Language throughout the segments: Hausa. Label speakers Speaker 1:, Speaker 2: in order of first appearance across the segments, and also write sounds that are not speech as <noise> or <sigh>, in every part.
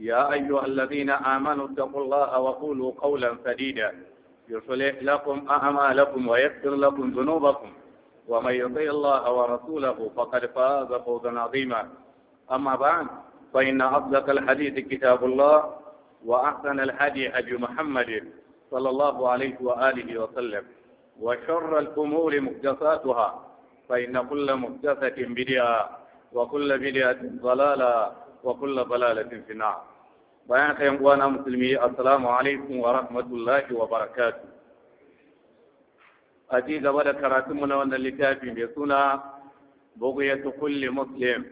Speaker 1: يا أيها الذين آمنوا اتقوا الله وقولوا قولا سديدا يصلح لكم أعمالكم ويغفر لكم ذنوبكم ومن يطيع الله ورسوله فقد فاز فوزا عظيما أما بعد فإن أصدق الحديث كتاب الله وأحسن الهدي هدي محمد صلى الله عليه وآله وسلم وشر الأمور محدثاتها فإن كل محدثة بدعة وكل بدعة ضلالة wa kulla balalatin fina bayan ka yan na musulmi assalamu alaikum wa rahmatullahi wa barakatu a ci gaba da karatunmu na wannan littafi mai suna bugiyatu kulli muslim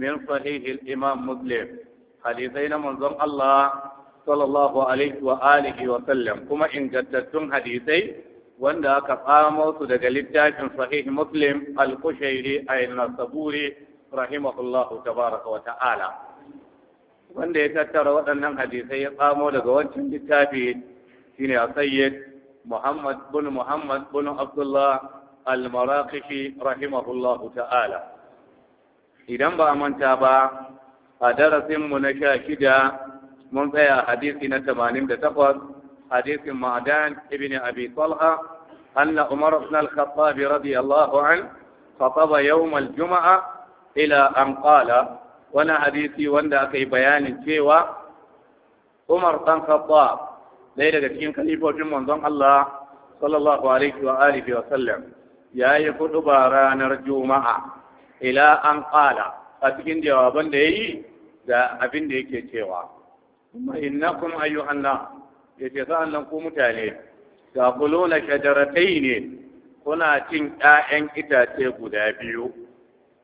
Speaker 1: min sahihil imam muslim hadisai na manzon Allah sallallahu alaihi wa alihi wa sallam kuma ingantattun hadisai wanda aka tsamo su daga littafin sahih muslim al-kushairi ay nasaburi rahimahullahu tabaraka wa ta'ala wanda ya tattara waɗannan hadisai ya tsamo daga wancan littafi shine Sayyid Muhammad bin Muhammad bin Abdullah al-Maraqishi rahimahullahu ta'ala idan ba a manta ba a darasinmu na sha shida mun tsaya a hadisi na tamanin da takwas hadisin ma'adan ibn abi talha anna umar ibn al-khattab radiyallahu an khataba yawm al-jum'a ila an wani hadisi wanda aka yi bayanin cewa Umar dan Khattab ɗaya daga cikin kalifofin manzon Allah sallallahu alaihi wa alihi wa sallam kudu ba ranar Juma'a ila an qala a cikin jawaban da yayi da abin da yake cewa kuma innakum ayyuhan nas yace sa'an nan ku mutane ta kuluna shajaratai ne kuna cin 'ya'yan itace guda biyu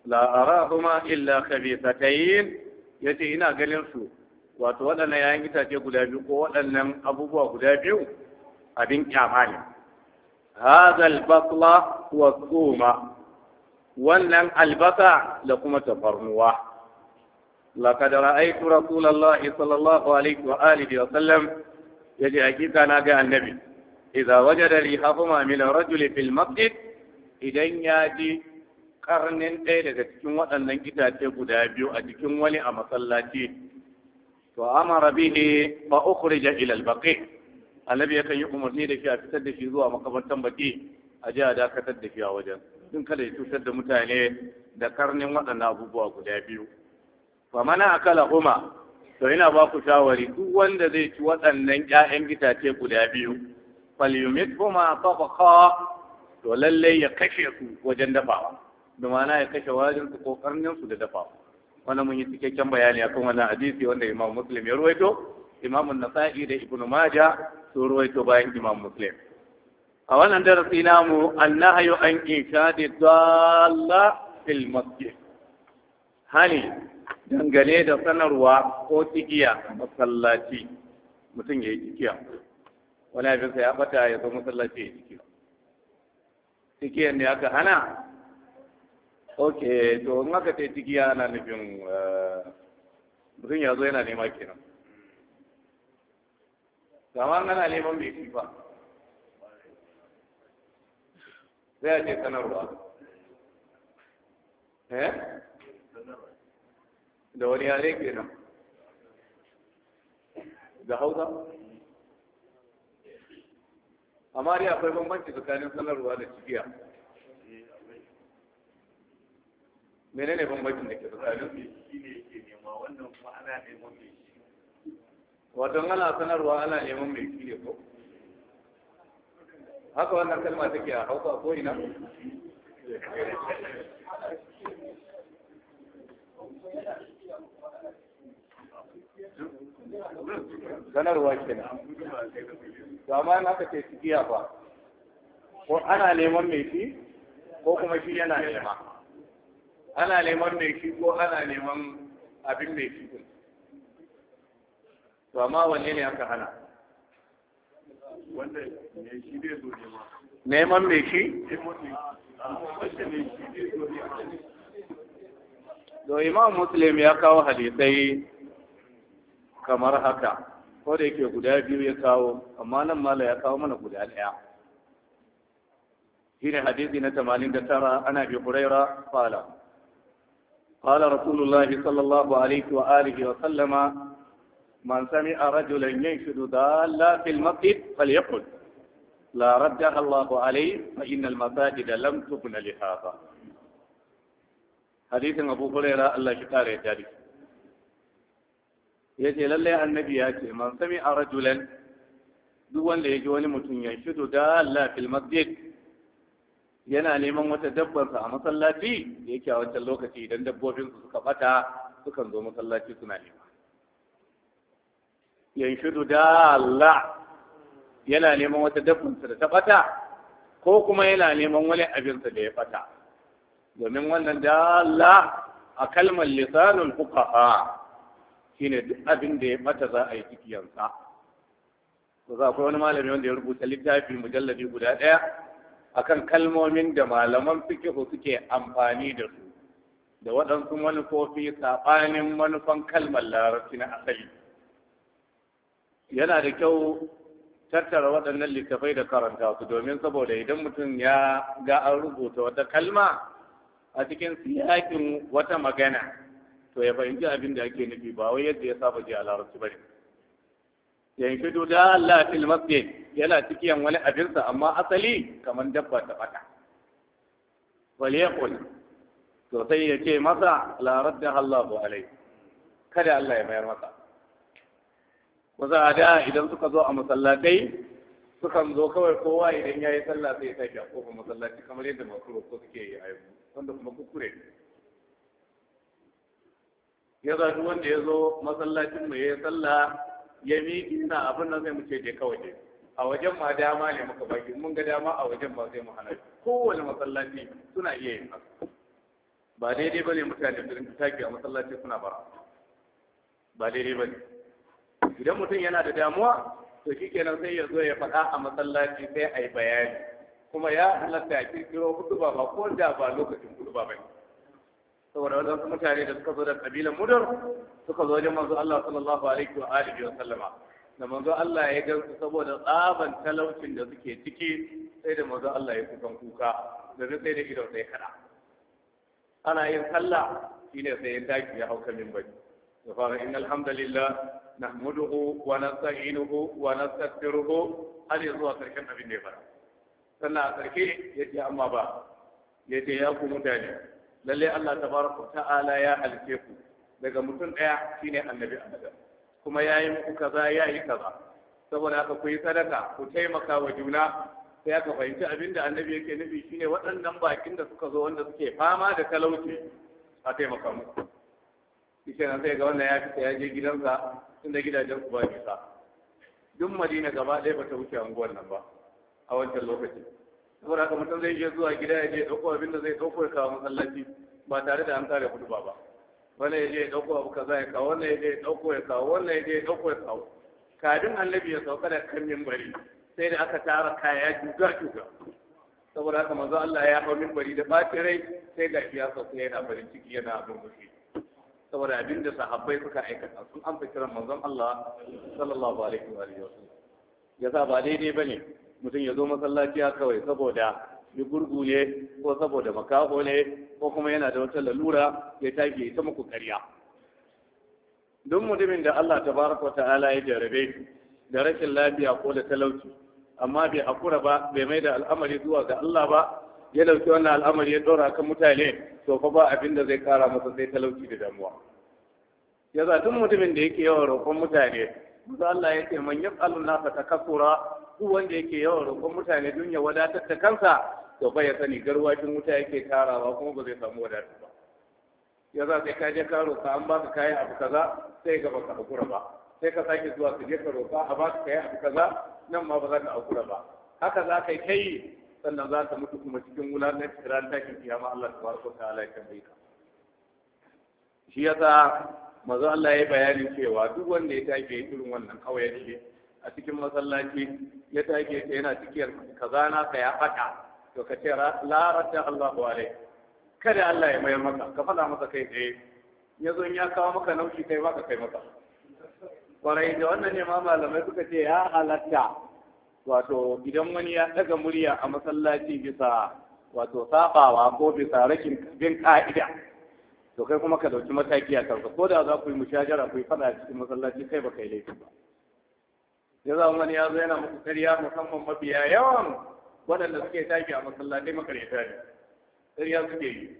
Speaker 1: la arahuma illa khabithatayn yace ina ganin su wato waɗannan yayin itace guda biyu ko waɗannan abubuwa guda biyu abin kyama ne hadha albatla wa thuma wannan albasa da kuma tafarnuwa laqad ra'aytu rasulallahi sallallahu alaihi wa alihi wa sallam yace hakika na ga annabi idza wajada rihahuma min rajuli fil masjid idan ya ji karnin ɗaya daga cikin waɗannan gidaje guda biyu a cikin wani a masallaci to amara bihi fa ukhrija ila al-baqi annabi kan yi umarni da shi a fitar da shi zuwa makabartan baki a ji a dakatar da shi a wajen din kada ya cutar da mutane da karnin waɗannan abubuwa guda biyu fa mana akala huma to ina ba ku shawari duk wanda zai ci waɗannan ƴaƴan gidaje guda biyu falyumit huma tafaqa to lallai ya kashe su wajen dafawa da mana ya kashe su ko karninsu da dafa wannan mun yi cikakken bayani akan wannan hadisi wanda imam muslim ya ruwaito imam nasa'i da ibn maja su ruwaito bayan imam muslim a wannan darasi namu annahyu an inshadi dalla fil masjid hani dangane da sanarwa ko tsigiya masallaci mutum ya yi tsigiya wani abin sai ya bata ya zo masallaci ya tsigiya tsigiyan ne aka hana ok to in aka ce tigiya ana nufin eh, mutum ya zo yana nema kenan kama ana neman bai fi ba sai a ce sanarwa eh da wani yare kenan da hausa amma dai akwai bambanci tsakanin sanarwa da cikiya menene bambancin da ke tsakanin wato ana sanarwa ana neman mai shi ne ko haka wannan kalma take a hausa ko ina
Speaker 2: sanarwa kenan
Speaker 1: to amma in haka ce tsiya ba ko ana neman mai shi ko kuma shi yana nema ana neman mai shi ko ana neman abin mai shi to amma wanne ne aka hana
Speaker 2: wanda mai shi zo nema
Speaker 1: neman mai shi to imam muslim ya kawo hadisai kamar haka ko da yake guda biyu ya kawo amma nan mala ya kawo mana guda ɗaya shine hadisi na 89 ana bi huraira qala قال رسول الله صلى الله عليه وآله وسلم من سمع رجلا ينشد ضالا في المسجد فليقل لا ردها الله عليه فإن المساجد لم تبن لهذا حديث أبو هريرة الله شكاره جاري yace lalle annabi ya ce man sami a rajulan duk wanda ya ji wani mutum ya shido da Allah fil masjid yana neman wata dabbarsa a masallaci da yake a wancan lokaci idan dabbobinsu suka bata sukan zo masallaci suna nema da Allah yana neman wata dabbarsa da ta bata ko kuma yana neman wani abinsa da ya bata domin wannan da Allah a kalmar lisanul fuqaha shine duk abin da ya bata za a yi cikiyansa ko za akwai wani malami wanda ya rubuta littafi mujalladi guda ɗaya akan kalmomin da malaman fikihu suke amfani da su da waɗansu manufofi saɓanin manufan kalmar larabci na asali yana da kyau tattara waɗannan littafai da karanta su domin saboda idan mutum ya ga an rubuta wata kalma a cikin siyakin wata magana to ya fahimci abin da ake nufi ba wai yadda ya saba ji a larabci ba ne yankidu da Allah fil masjid yana cikin wani abinsa amma asali kamar dabba ta bata wal yaqul to sai ya ce masa la radda Allahu alai kada Allah ya mayar masa wasu a da idan suka zo a masallatai sukan zo kawai kowa idan ya yi sallah sai ya tafi a kofar masallaci kamar yadda makuru ko suke yi a yanzu wanda kuma kukure ne
Speaker 2: ya zafi wanda ya
Speaker 1: zo masallacin mai ya yi sallah ya miƙi na abin nan zai mu ce je kawai je a wajen ma dama ne muka baki mun ga dama a wajen ba sai mu hana kowane masallaci suna iya yin haka ba daidai bane mutane su rinka taki a masallaci suna ba. ba daidai bane idan mutum yana da damuwa to shikenan sai ya zo ya faɗa a masallaci sai a yi bayani kuma ya halatta a kirkiro hudu ba ko da ba lokacin hudu ba bane saboda wadansu mutane da suka zo da kabilan mudar suka zo wajen manzo Allah sallallahu alaihi wa alihi wa sallama da manzo Allah ya gansu saboda tsaban talaucin da suke ciki sai da manzo Allah ya kukan kuka da sai da ido sai kada ana yin sallah shine sai ya tashi ya hauka min baki ya fara innal hamdalillah nahmuduhu wa nasta'inuhu wa nastaghfiruhu har ya zuwa karshen abin da ya fara sannan a karshe ya ce amma ba ya ce ya ku mutane lalle Allah tabaraka ta'ala ya halice ku daga mutum shi ne annabi Adam kuma yayi muku kaza yayi kaza saboda haka ku yi sadaka ku taimaka wa juna sai aka fahimci abin da annabi yake nufi shine waɗannan bakin da suka zo wanda suke fama da talauci a taimaka musu shi sai ga wannan ya fita ya je gidansa inda gidajen ku ba nisa duk madina gaba ɗaya ba ta wuce anguwan nan ba a wancan lokacin saboda haka mutum zai je zuwa gida ya je dauko abin da zai dauko ya kawo masallaci ba tare da an kare hudu ba ba wannan ya je ya dauko abu kaza ya kawo wannan ya je ya dauko ya kawo wannan ya je ya dauko ya kawo kadin annabi ya sauka da kan minbari sai da aka tara kaya juga juga saboda haka manzo Allah ya hau minbari da ɓacin rai sai ga ya sauka yana farin ciki yana abin mushi saboda abin da sahabbai suka aikata sun amsa kiran manzon Allah sallallahu alaihi wa sallam ya ba daidai bane mutum ya zo masallaci masallaciya kawai saboda ya gurgu ne ko saboda makaho ne ko kuma yana da wata lalura ya tafi ta muku karya duk mutumin da Allah Ta tabaraka ta'ala ya jarabe da rashin lafiya ko da talauci amma bai hakura ba bai mai da al'amari zuwa ga Allah ba ya dauki wannan al'amari ya dora kan mutane to fa ba abin da zai kara masa sai talauci da damuwa Yaza tun mutumin da yake yawan roƙon mutane Musa Allah ya ce man yaf'alu nasa kasura duk wanda yake yawan roƙon mutane don ya wadatar da kansa to bai sani garwashin wuta yake tarawa kuma ba zai samu wadatar ba ya za sai ka je ka roƙa an baka kayan abu kaza sai ka baka akura ba sai ka sake zuwa ka je ka roƙa a baka kayan abu kaza nan ma ba za ka akura ba haka za ka yi sannan za ka mutu kuma cikin wulaƙanci ran takin kiyama Allah ta ta'ala ya ka shi yasa manzo Allah ya bayanin cewa duk wanda ya tafi irin wannan kawai ya a cikin masallaci ya tage ta yana cikin kazana ka ya fata to ka ce la radda Allahu alai kada Allah ya mayar maka ka fada masa kai tsaye ya zo ya kawo maka nauki kai ba ka kai maka kwarai da wannan ne ma malamai suka ce ya halatta wato idan wani ya daga murya a masallaci bisa wato safawa ko bisa rakin bin ka'ida to kai kuma ka dauki mataki a kanka ko da za ku yi mushajara ku yi fada cikin masallaci kai ba kai laifi ba ya zama wani ya zo yana muku karya musamman mabiya yawan waɗanda suke tafi a masallatai makaryata ne karya suke yi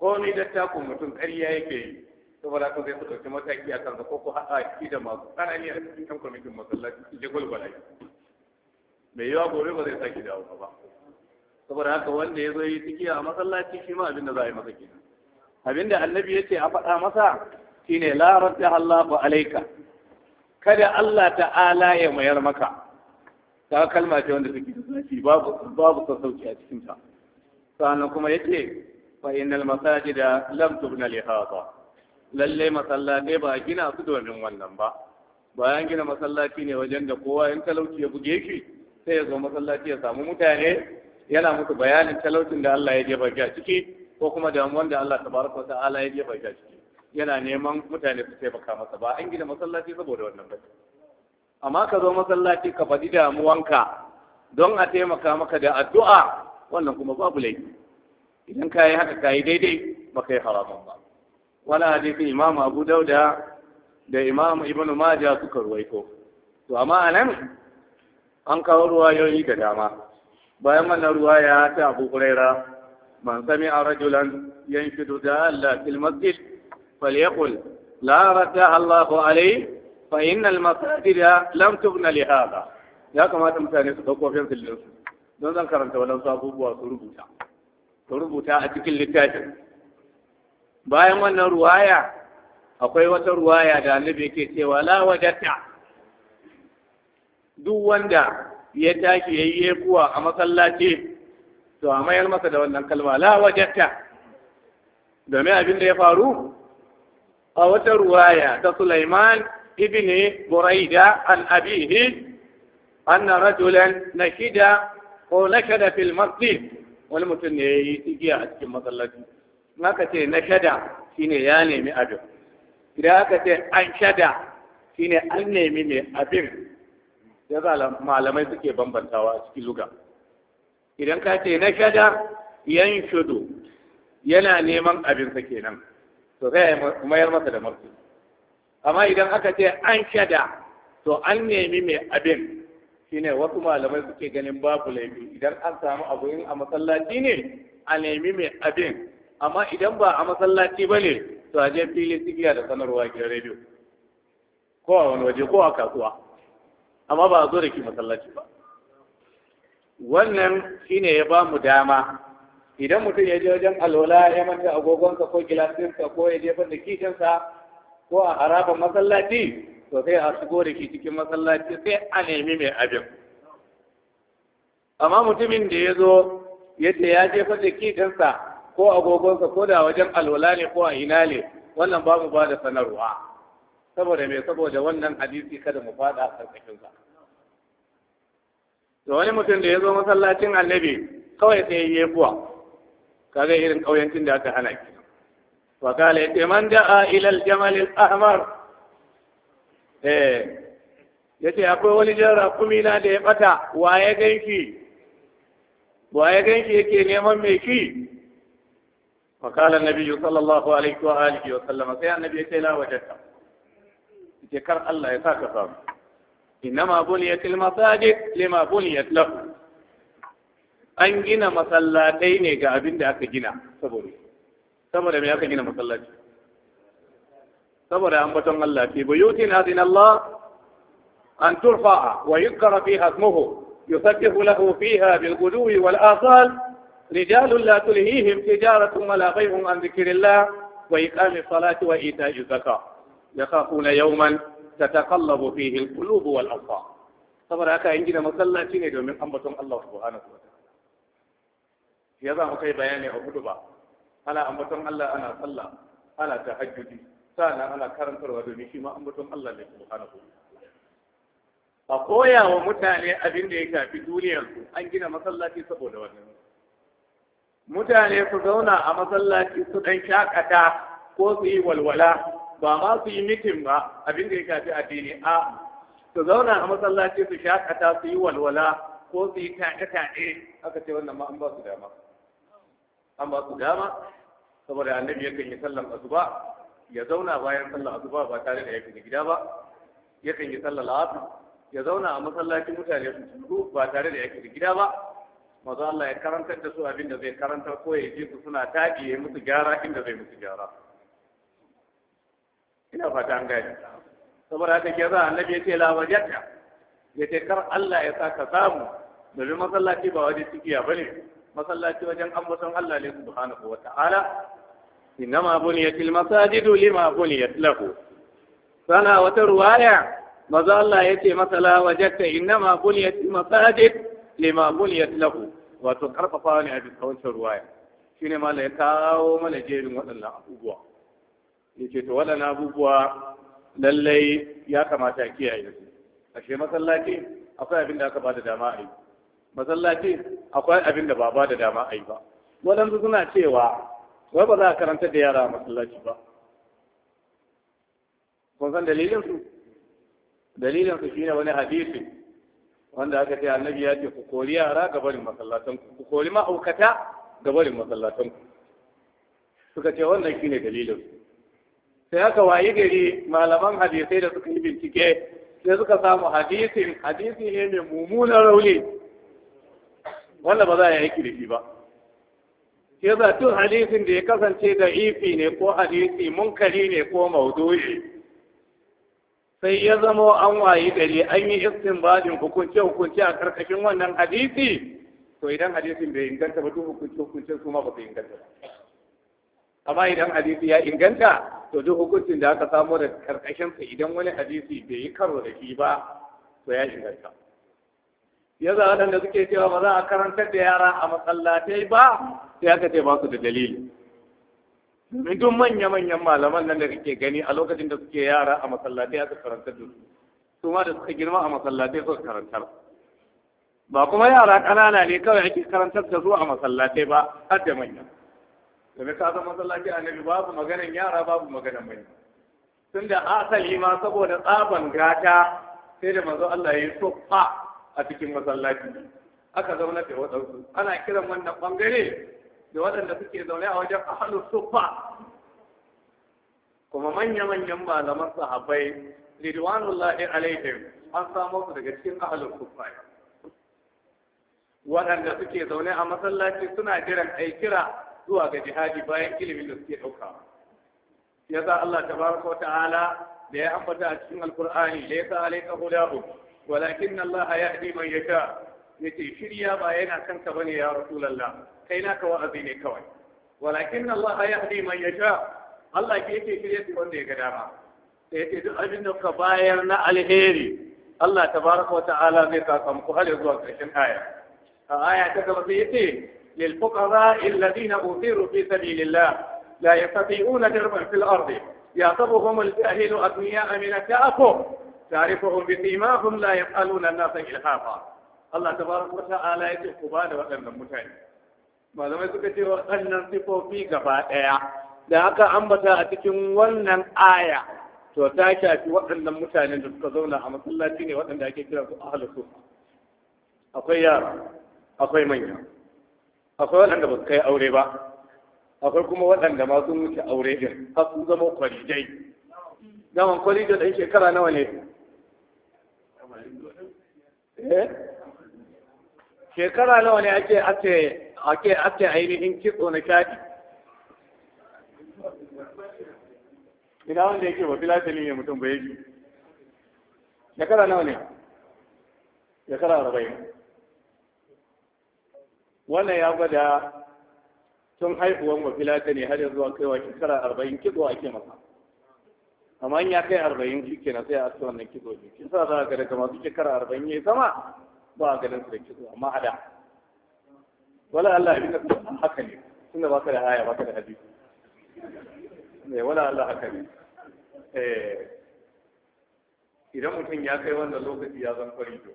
Speaker 1: ko ni dattakun mutum karya yake yi saboda ko zai su ɗauki mataki a kansa ko ko haɗa shi da masu tsanani a cikin kan kwamitin masallaci su je gwalgwala shi mai yiwa gobe ba zai sake dawo ba saboda haka wanda ya zo yi tikiya a masallaci shi ma abin da za a yi masa kenan abin da annabi ya ce a faɗa masa shine la radda Allahu alaika kada Allah ta'ala ya mayar maka ta kalma ce wanda take da zafi babu babu sassauci a cikin ta sannan kuma yake fa innal masajida lam tubna li hada lalle masallatai ba gina su domin wannan ba bayan gina masallaci ne wajen da kowa in talauci ya buge shi sai ya zo masallaci ya samu mutane yana musu bayanin talaucin da Allah ya jefa shi a ciki ko kuma damuwan da Allah tabaraka wa ta'ala ya jefa shi a ciki yana neman mutane su taimaka masa ba an gina masallaci saboda wannan ba amma ka zo masallaci ka faɗi damuwanka don a taimaka maka da addu'a wannan kuma babu laifi idan ka yi haka ka yi daidai ba ka yi haramun ba wani hadisin imam abu dauda da imam ibn maja suka ruwaito to amma a nan an kawo ruwayoyi da dama bayan wannan ruwaya ta abu huraira man sami a rajulan yanfidu da allah fil masjid فليقل لا ردها الله عليه فإن المساجد لم تبنى لهذا ya kamata mutane su ɗauko fensil ɗinsu don zan karanta waɗansu abubuwa su rubuta su rubuta a cikin littafin bayan wannan ruwaya akwai wata ruwaya da annabi yake cewa la wajata duk wanda ya taki yayi yekuwa a masallaci to a mayar masa da wannan kalma la wajata domin abin da ya faru a wata ruwaya ta Sulaiman ibn Buraida an abihi anna rajulan nakida ko nakada fil masjid wani mutum ne yayi igiya a cikin masallaci in aka ce nakada shine ya nemi abin idan aka ce an shada shine an nemi mai abin ya malamai suke bambantawa a cikin luga idan ka ce nakada yan shudu yana neman abinsa kenan to zai ya mayar masa da martani amma idan aka ce an kada to an nemi mai abin shine wasu malamai suke ganin babu laifi idan an samu abu yin a masallaci ne a nemi mai abin amma idan ba a masallaci ba ne to a je fili sigiya da sanarwa gidan rediyo ko a wani waje ko a kasuwa amma ba a zo da ki masallaci ba wannan shine ya ba mu dama idan mutum ya je wajen alola ya manta agogonsa ko gilasinsa ko ya jefar da kishinsa ko a harabar masallaci to sai a shigo da ke cikin masallaci sai a nemi mai abin amma mutumin da ya zo yadda ya jefar da kishinsa ko agogonsa ko da wajen alola ne ko a ina ne wannan babu ba da sanarwa saboda mai saboda wannan hadisi kada mu fada a karkashinsa da wani mutum da ya zo masallacin annabi kawai sai ya yi kuwa kaga irin kauyancin da aka hana ki wa kala yace man da'a ila al-jamal al-ahmar eh yace akwai wani jara kumina da ya bata waye ganki waye ganki yake neman me ki wa kala nabi sallallahu alaihi wa alihi wa sallam sai annabi yace la wajadta yace kar Allah ya saka samu innama buniyat al-masajid lima buniyat lahu an gina masallatai ne ga abin da aka gina saboda saboda me aka gina masallaci saboda ambaton Allah fi buyutin adin Allah an turfa'a wa yukara fi ismuhu yusabbihu lahu fiha bil ghudwi wal asal رجال لا تلهيهم تجارة ولا بيع عن ذكر الله وإقام الصلاة وإيتاء الزكاة يخافون يوما تتقلب فيه القلوب والأبصار saboda haka yin gina masallaci ne domin ambaton Allah subhanahu wa ta'ala ya za mu kai bayani a hudu ba ana ambaton Allah ana sallah ana tahajjudi sannan ana karantarwa domin shi ma ambaton Allah ne subhanahu a koya wa mutane abin da ya shafi duniyarsu an gina masallaci saboda wannan mutane su zauna a masallaci su dan shakata ko su yi walwala ba ma su yi mitin ba abin da ya shafi addini a su zauna a masallaci su shakata su yi walwala ko su yi taɗe-taɗe aka ce wannan ma an ba su dama an ba su dama saboda annabi yakan yi sallan azuba ya zauna bayan sallan azuba ba tare da ya gida ba yakan yi sallan la'afi ya zauna a masallacin mutane su tudu ba tare da ya gida ba maza Allah ya karantar da su abin da zai karantar ko ya ji su suna tafi ya musu gyara inda zai musu gyara ina fata an gani saboda haka ke za annabi ya ce yadda, ya ce kar Allah ya sa ka samu domin masallaci ba waje cikiya ba ne masallaci wajen ambaton Allah ne subhanahu wa ta'ala innama buniyatil masajidu lima buniyat lahu sana wata ruwaya maza Allah yace masala wajatta innama buniyatil masajid lima buniyat lahu wato karfafa ne a bisa wancan ruwaya shine ya kawo mana jerin waɗannan abubuwa yace to waɗannan abubuwa lallai ya kamata a kiyaye su ashe masallaci akwai abin da aka bada dama a yi masallaci akwai abin da ba da dama a yi ba waɗansu suna cewa wai ba za a karanta da yara masallaci ba kun san dalilinsu dalilinsu shi ne wani hadisi wanda aka ce annabi ya ce ku kori yara ga barin masallatanku ku kori ma'aukata ga barin masallatanku suka ce wannan shi ne dalilinsu sai aka wayi gari malaman hadisai da suka yi bincike sai suka samu hadisin hadisi ne mai mummunan rauni wanda ba za a yi aiki da shi ba shi yasa tun hadisin da ya kasance da ifi ne ko hadisi munkari ne ko maudoyi. sai ya zama an wayi gari an yi istinbadin hukunce hukunce a karkashin wannan hadisi to idan hadisin bai inganta ba duk hukunce hukunce su ma ba su inganta ba amma idan hadisi ya inganta to duk hukuncin da aka samu da karkashin sa idan wani hadisi bai yi karo da shi ba to ya inganta ya za waɗanda suke cewa ba za a karantar da yara a masallatai ba sai aka ce ba su da dalili domin duk manya-manyan malaman nan da kake gani a lokacin da suke yara a masallatai aka karantar da su su ma da suka girma a masallatai suka karantar ba kuma yara ƙanana ne kawai ake karantar da su a masallatai ba har da manya domin ka san masallaci annabi babu maganan yara babu maganan manya tun da asali ma saboda tsaban gata sai da manzo Allah ya yi tsoffa. a cikin masallaci aka zauna da waɗansu ana kiran wannan ɓangare da waɗanda suke zaune a wajen ahalu sufa kuma manya-manyan malaman sahabbai ridwanullahi alaihim an samo su daga cikin ahalu sufa waɗanda suke zaune a masallaci suna jiran ai kira zuwa ga jihadi bayan ilimin da suke ɗauka ya za Allah tabaraka wa ta'ala da ya ambata a cikin alkur'ani laysa alayka hudahum walakin Allah ya hadi man yasha yace shirya ba yana kan ka bane ya rasu kai naka wa'azi ne kawai walakin Allah ya hadi man yasha Allah ke yake shirya da wanda ya ga dama sai yace duk abin da bayar na alheri Allah tabaraka wa ta'ala zai saka muku har zuwa aya a yace lil fuqara alladhina utiru fi sabilillah لا يستطيعون دربا في الأرض يعصبهم الجاهل أبنياء من التأفه تعرفهم بسيماهم لا يسألون الناس إلحافا Allah tabaraka wa ta'ala ya ce ku ba waɗannan mutane malamai suka ce waɗannan sifofi gaba ɗaya da aka ambata a cikin wannan aya to ta shafi waɗannan mutanen da suka zauna a masallaci ne waɗanda ake kira su ahlus sunna akwai yara akwai manya akwai waɗanda ba su kai aure ba akwai kuma waɗanda ma sun aure din har sun kwalijai daman kwalijo ɗan shekara nawa ne Eh? shekara nawa ne ake ake ake ainihin kitso na shaɗi ina wanda yake ba filatali ne mutum bai yi shekara nawa ne shekara arba'in wannan ya gwada tun haihuwan wa filatali har zuwa kaiwa shekara arba'in kitso ake masa amma in ya kai arba'in shi na sai a aske wannan kitso ne shi sa za ka daga masu shekara arba'in ya yi sama ba a ganin su da kitso amma a da wala Allah abin da haka ne tunda baka da haya baka da hadisi ne wala Allah haka ne eh, idan mutum ya kai wannan lokaci ya zan kwari to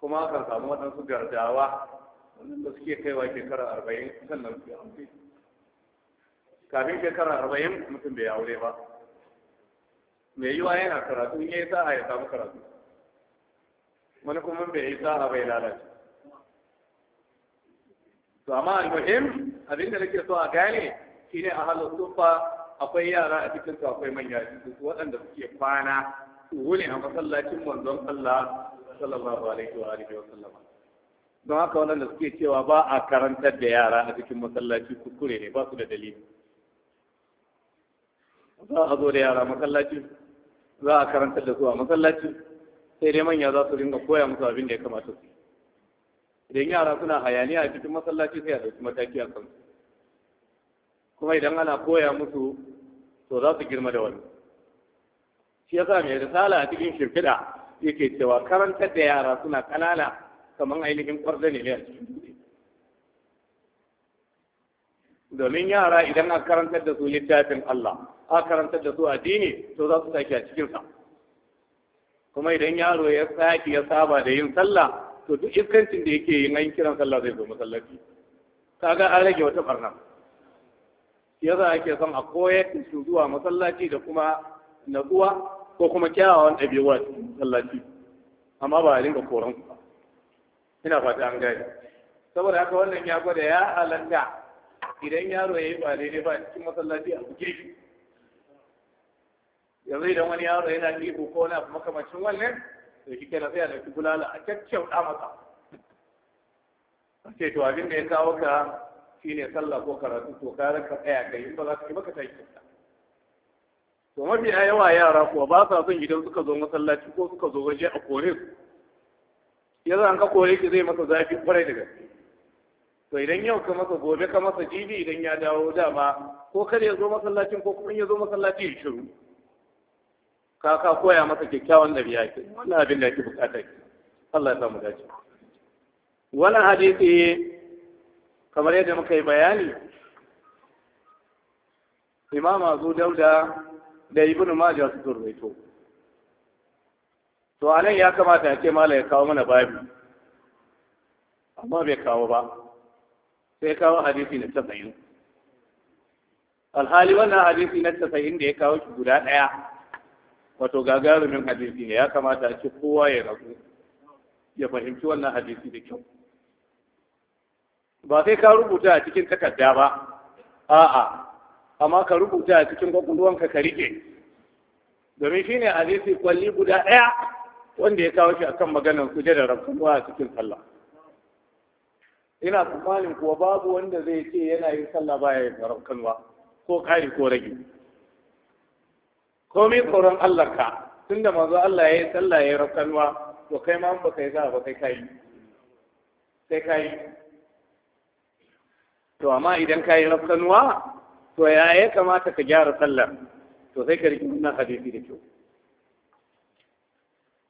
Speaker 1: kuma kan samu waɗansu gardawa wanda suke kaiwa shekara arba'in sannan su amfi kafin shekara arba'in mutum bai aure ba mai yiwa yana karatu in yayi sa'a ya samu karatu wani kuma bai yi sa'a bai lalace to amma al-muhim abin da nake so a gane shine a halin sufa akwai yara a cikin su akwai manya a cikin su waɗanda suke kwana su wuni a masallacin manzon Allah sallallahu alaihi wa alihi wa sallama don haka waɗanda suke cewa ba a karantar da yara a cikin masallaci kuskure ne ba su da dalili za a zo da yara masallaci za a karanta da su a masallaci sai dai manya za su dinga koya musu abin da ya kamata su idan yara suna hayaniya a cikin masallaci sai a ɗauki mataki a kansu kuma idan ana koya musu to za su girma da wani shi yasa mai risala a cikin shirfiɗa yake cewa karantar da yara suna ƙanana kamar ainihin ƙwarza ne a cikin domin yara idan a karantar da su littafin Allah a karantar da su addini to za su sake a cikin sa kuma idan yaro ya sake ya saba da yin sallah to duk iskancin da yake yin an kiran sallah zai zo masallaci kaga an rage wata barna yasa ake son a koyar da su zuwa masallaci da kuma natsuwa ko kuma kyawawan ɗabi'uwa a cikin masallaci amma ba a dinga koransu ba ina fata an gane saboda haka wannan ya gwada ya halatta idan yaro ya yi ba daidai ba cikin masallaci a buge shi yanzu idan wani yaro yana ihu ko wani abu makamacin wannan to shi kenan sai a ɗauki bulala a kyakkyauɗa masa ce to abin da ya kawo ka ne sallah ko karatu to ka raka tsaya ka yi ba za ka yi ta tashi to mafi yawa yara kuwa ba sa son idan suka zo masallaci ko suka zo waje a kore su Yanzu an ka kore ki zai masa zafi kwarai da gaske to idan yau ka masa gobe ka masa jibi idan ya dawo dama ko kada ya zo masallacin ko kuma ya zo masallaci ya shiru ka ka koya masa kyakkyawan ɗabi'a ke wannan abin da ke bukata ke Allah ya samu dace wannan hadisi kamar yadda muka yi bayani imam azu dauda da ibn majah su turbaito to anan ya kamata ya ce mala ya kawo mana babu. amma bai kawo ba sai kawo hadisi na tasa'in alhali wannan hadisi na tasa'in da ya kawo shi guda ɗaya wato gagarumin hadisi ne ya kamata a ce kowa ya rabu ya fahimci wannan hadisi da kyau ba sai ka rubuta a cikin takarda ba a'a amma ka rubuta a cikin kwakwalwanka ka rike domin shine hadisi kwalli guda ɗaya wanda ya kawo shi akan maganar sujada rabbuwa a cikin sallah ina tsammanin kuwa babu wanda zai ce yana yin sallah ba ya tsaron kalwa ko kari ko rage
Speaker 2: komai tsoron
Speaker 1: Allah ka tunda manzo Allah ya yi sallah ya yi rafkanwa to kai ma ba kai za ba kai kai sai kai to amma idan ka yi rafkanwa to ya ya kamata ka gyara sallar to sai ka riki wannan hadisi da kyau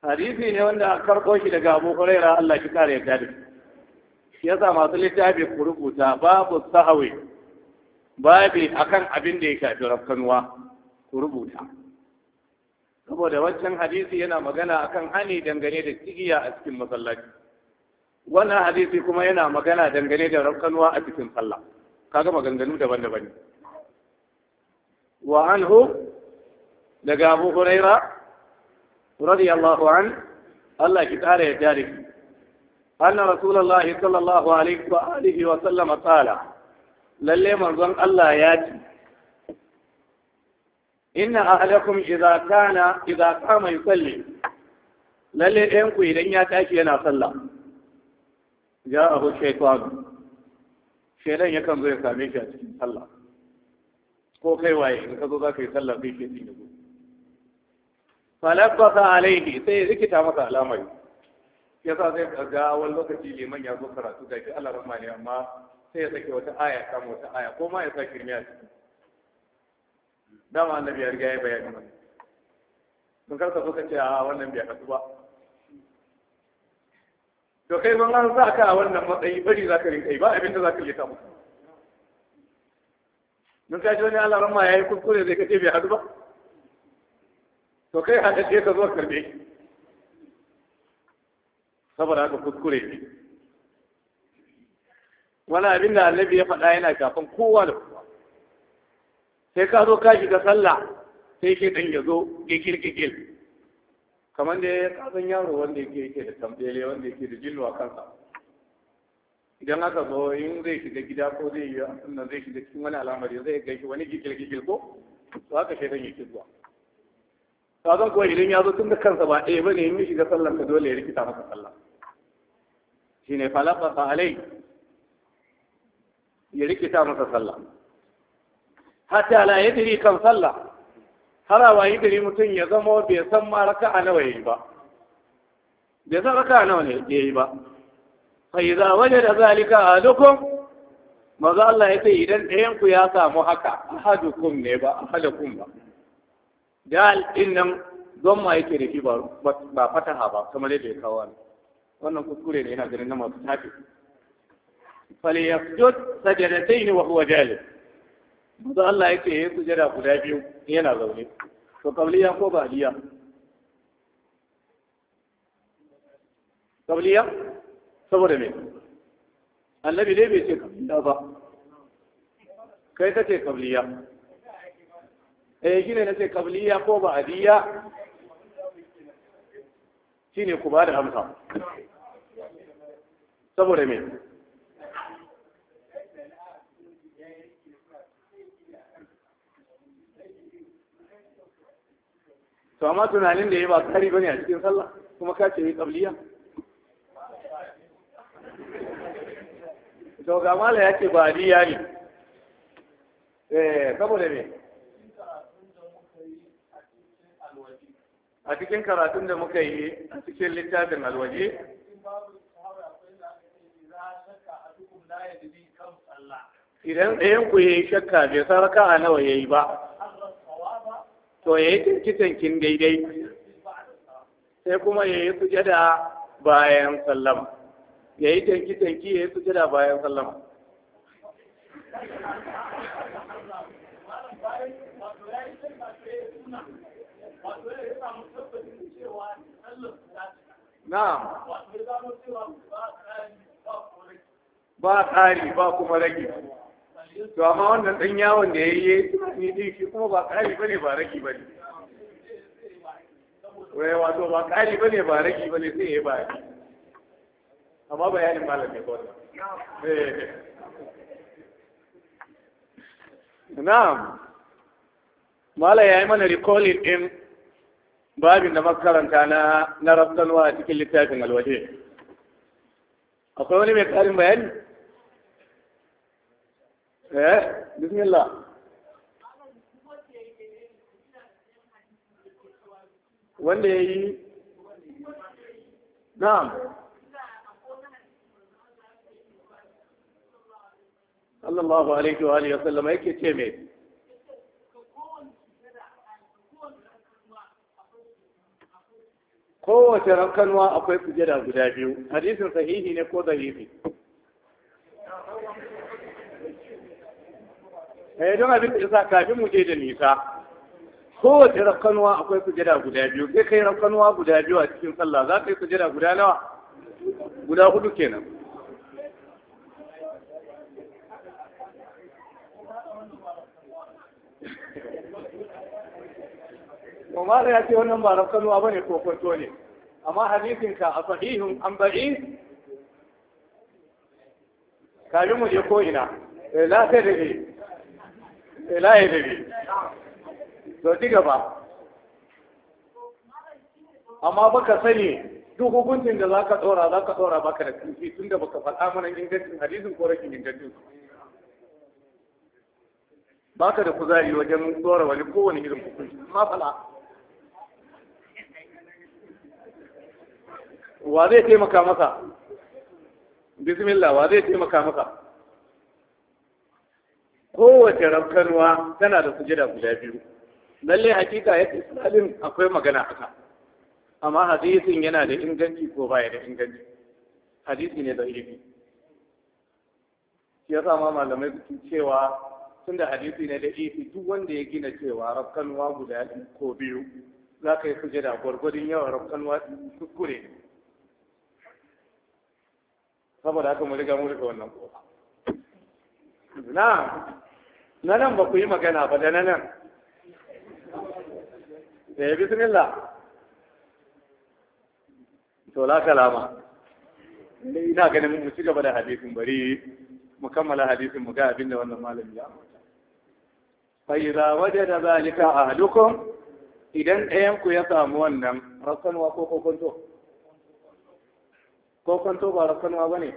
Speaker 1: hadisi ne wanda a karɓo shi daga Abu Hurairah Allah ki kare ya da shi yasa masu littafi ku rubuta babu sahawi babi akan abin da ya shafi rafkanuwa ku rubuta saboda wancan hadisi yana magana akan hani dangane da tsigiya a cikin masallaci wannan hadisi kuma yana magana dangane da rafkanuwa a cikin sallah kaga maganganu daban-daban ne wa anhu daga Abu Huraira radiyallahu an Allah ki tsara ya jariki أن رسول الله صلى الله عليه وآله وسلم قال للي مرضان الله ياتي إن أهلكم إذا كان إذا قام يصلي للي إنكو إذا ياتي أنا صلى جاءه الشيطان شيطان يكن زي سامي صلى ko kai waye in ka zo za ka yi sallah kai ke tsinye ko falabba alaihi sai rikita masa alamari ya sa zai ga wani lokaci liman ya zo karatu da shi Allah rahma ne amma sai ya sake wata aya kama wata aya ko ma ya sa kirmiya ciki dama annabi ya riga ya bayani mana mun karka so ka ce a wannan bai haɗu ba to kai ban an sa ka a wannan matsayi bari za ka rinka yi ba abinda za ka ta musu mun ka ji wani Allah rahma ya yi kuskure zai ka ce bai haɗu ba to kai haɗa ce ka zo karɓe saboda haka kuskure ne wani abin da annabi ya faɗa yana shafan kowa da kowa sai ka zo ka shiga sallah sai shi ɗan ya zo gigil gigil kamar da ya kasan yaro wanda yake yake da tambele wanda yake da jillo a kansa idan aka zo in zai shiga gida ko zai yi nan zai shiga cikin wani al'amari zai ga shi wani gigil gigil ko to haka shaidan yake zuwa kazan kuwa idan ya zo tun da kansa ba ɗaya ne, in ya shiga sallar ka dole ya rikita masa sallah shine falaqasa alai ya rikita masa sallah hatta la yadri kan sallah har wa yadri mutum ya zama bai san ma raka'a nawa yayi ba bai san raka'a nawa ne yayi ba fa idza wajada zalika ahadukum maza Allah ya ce idan ɗayan ku ya samu haka ahadukum ne ba ahadukum ba dal din nan yake rikiba ba fataha ba kamar yadda ya kawo ne wannan kuskure ne yana ganin na masu tafi falyasjud sajadatayn wa huwa jalib manzo Allah yake yi sujada guda biyu yana zaune to qabliya ko ba'diya qabliya saboda me annabi dai bai ce qabliya ba kai ka ce qabliya eh gine na ce qabliya ko ba'diya shine ku ba da amsa saboda me to amma tunanin da ya ba tsari bane a cikin sallah kuma ka ce yi qabliya to ga mala ya ce ba diya yani eh saboda me a cikin karatun da muka yi a cikin littafin alwaje
Speaker 2: idan ɗayanku ya yi shakka bai san a nawa ya yi ba
Speaker 1: to ya yayi kin daidai sai kuma ya yayi sujada bayan sallam. Ya yi tanki-tanki ya yi yayi sujada bayan sallam. Na'am. Ba ƙari ba kuma rage. to amma wannan dan yawon da ya yi ni ɗin shi kuma ba ƙari ba ne ba raki ba ne
Speaker 2: wai wato ba ƙari ba ne ba raki ba ne sai
Speaker 1: ya yi ba amma bayanin malam ya kawai eh. na'am mala ya yi mana recalling ɗin babin da makaranta na na rafsanwa a cikin littafin alwaje akwai wani mai karin bayani eh bismillah wanda ya yi na'am sallallahu alaihi wa alihi wasallam yake ce me kowace rankanwa akwai sujada guda biyu hadisin sahihi ne ko zahiri yi eh, don abin da isa kafin mu je da nisa kowace rakkanuwa akwai kujera guda biyu sai kai rakkanuwa guda biyu a cikin sallah za ka yi kujera guda nawa guda hudu kenan Umar ya ce wannan ba rakkanuwa bane ko kwanto ne amma hadisinka a sahihun an bari? kafin mu je ko ina eh, la ta da ilahi eh,
Speaker 2: da ne to ci gaba
Speaker 1: amma baka sani duk hukuncin da zaka tsora zaka tsora baka da kanki tunda baka faɗa mana ingancin hadisin ko rakin ingancin baka da kuzari wajen tsora wani kowane irin hukunci ma fala wa zai taimaka maka bismillah wa zai taimaka maka kowace rafkanuwa tana da sujada guda biyu lalle hakika ya isnadin akwai magana haka amma hadisin yana da inganci ko baya da inganci hadisi ne da ilimi Ya sa ma malamai suke cewa tun da hadisi ne da ilimi duk wanda ya gina cewa rafkanuwa guda ko biyu za ka yi sujada gwargwadon yawan rafkanuwa kuskure ne saboda haka mu riga mu riga wannan kofa na na nan ba ku yi magana ba da na nan da eh, ya bismillah to la kalama ina ganin mu ci gaba da hadisin bari mu kammala hadisin mu ga abin da wannan malami ya ambata fa idza wajada zalika ahlukum idan ɗayan ku ya samu wannan rasanwa ko kokonto kokonto ba ba bane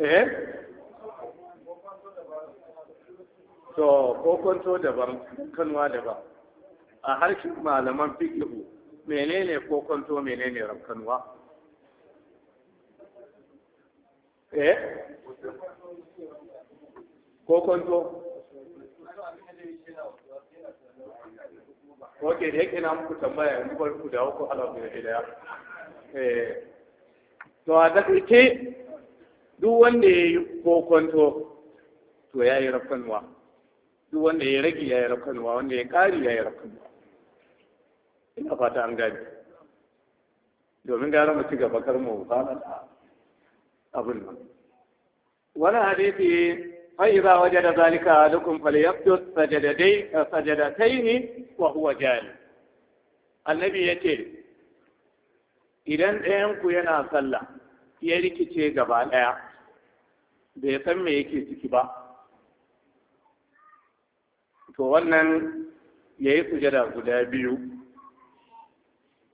Speaker 2: eh
Speaker 1: to kokonto daban kanwa daban a harshen malaman fikihu menene kokonto menene rafkanwa eh kokonto
Speaker 2: ok da yake na muku tambaya in bari ku dawo ku halar da ilaya eh
Speaker 1: to a ke duk wanda ya yi kokonto to ya yi rafkanwa duk wanda ya rage ya yi rafkanuwa wanda ya ƙari ya yi rafkanuwa ina fata an gani domin gara mu ci gaba kar mu fara da abin nan wani hadisi za waje da zalika dukun falyabdu sajadatai ne wa huwa jali annabi ya ce idan ɗayanku yana sallah ya rikice gaba ɗaya bai san me yake ciki ba to wannan ya yi sujada guda biyu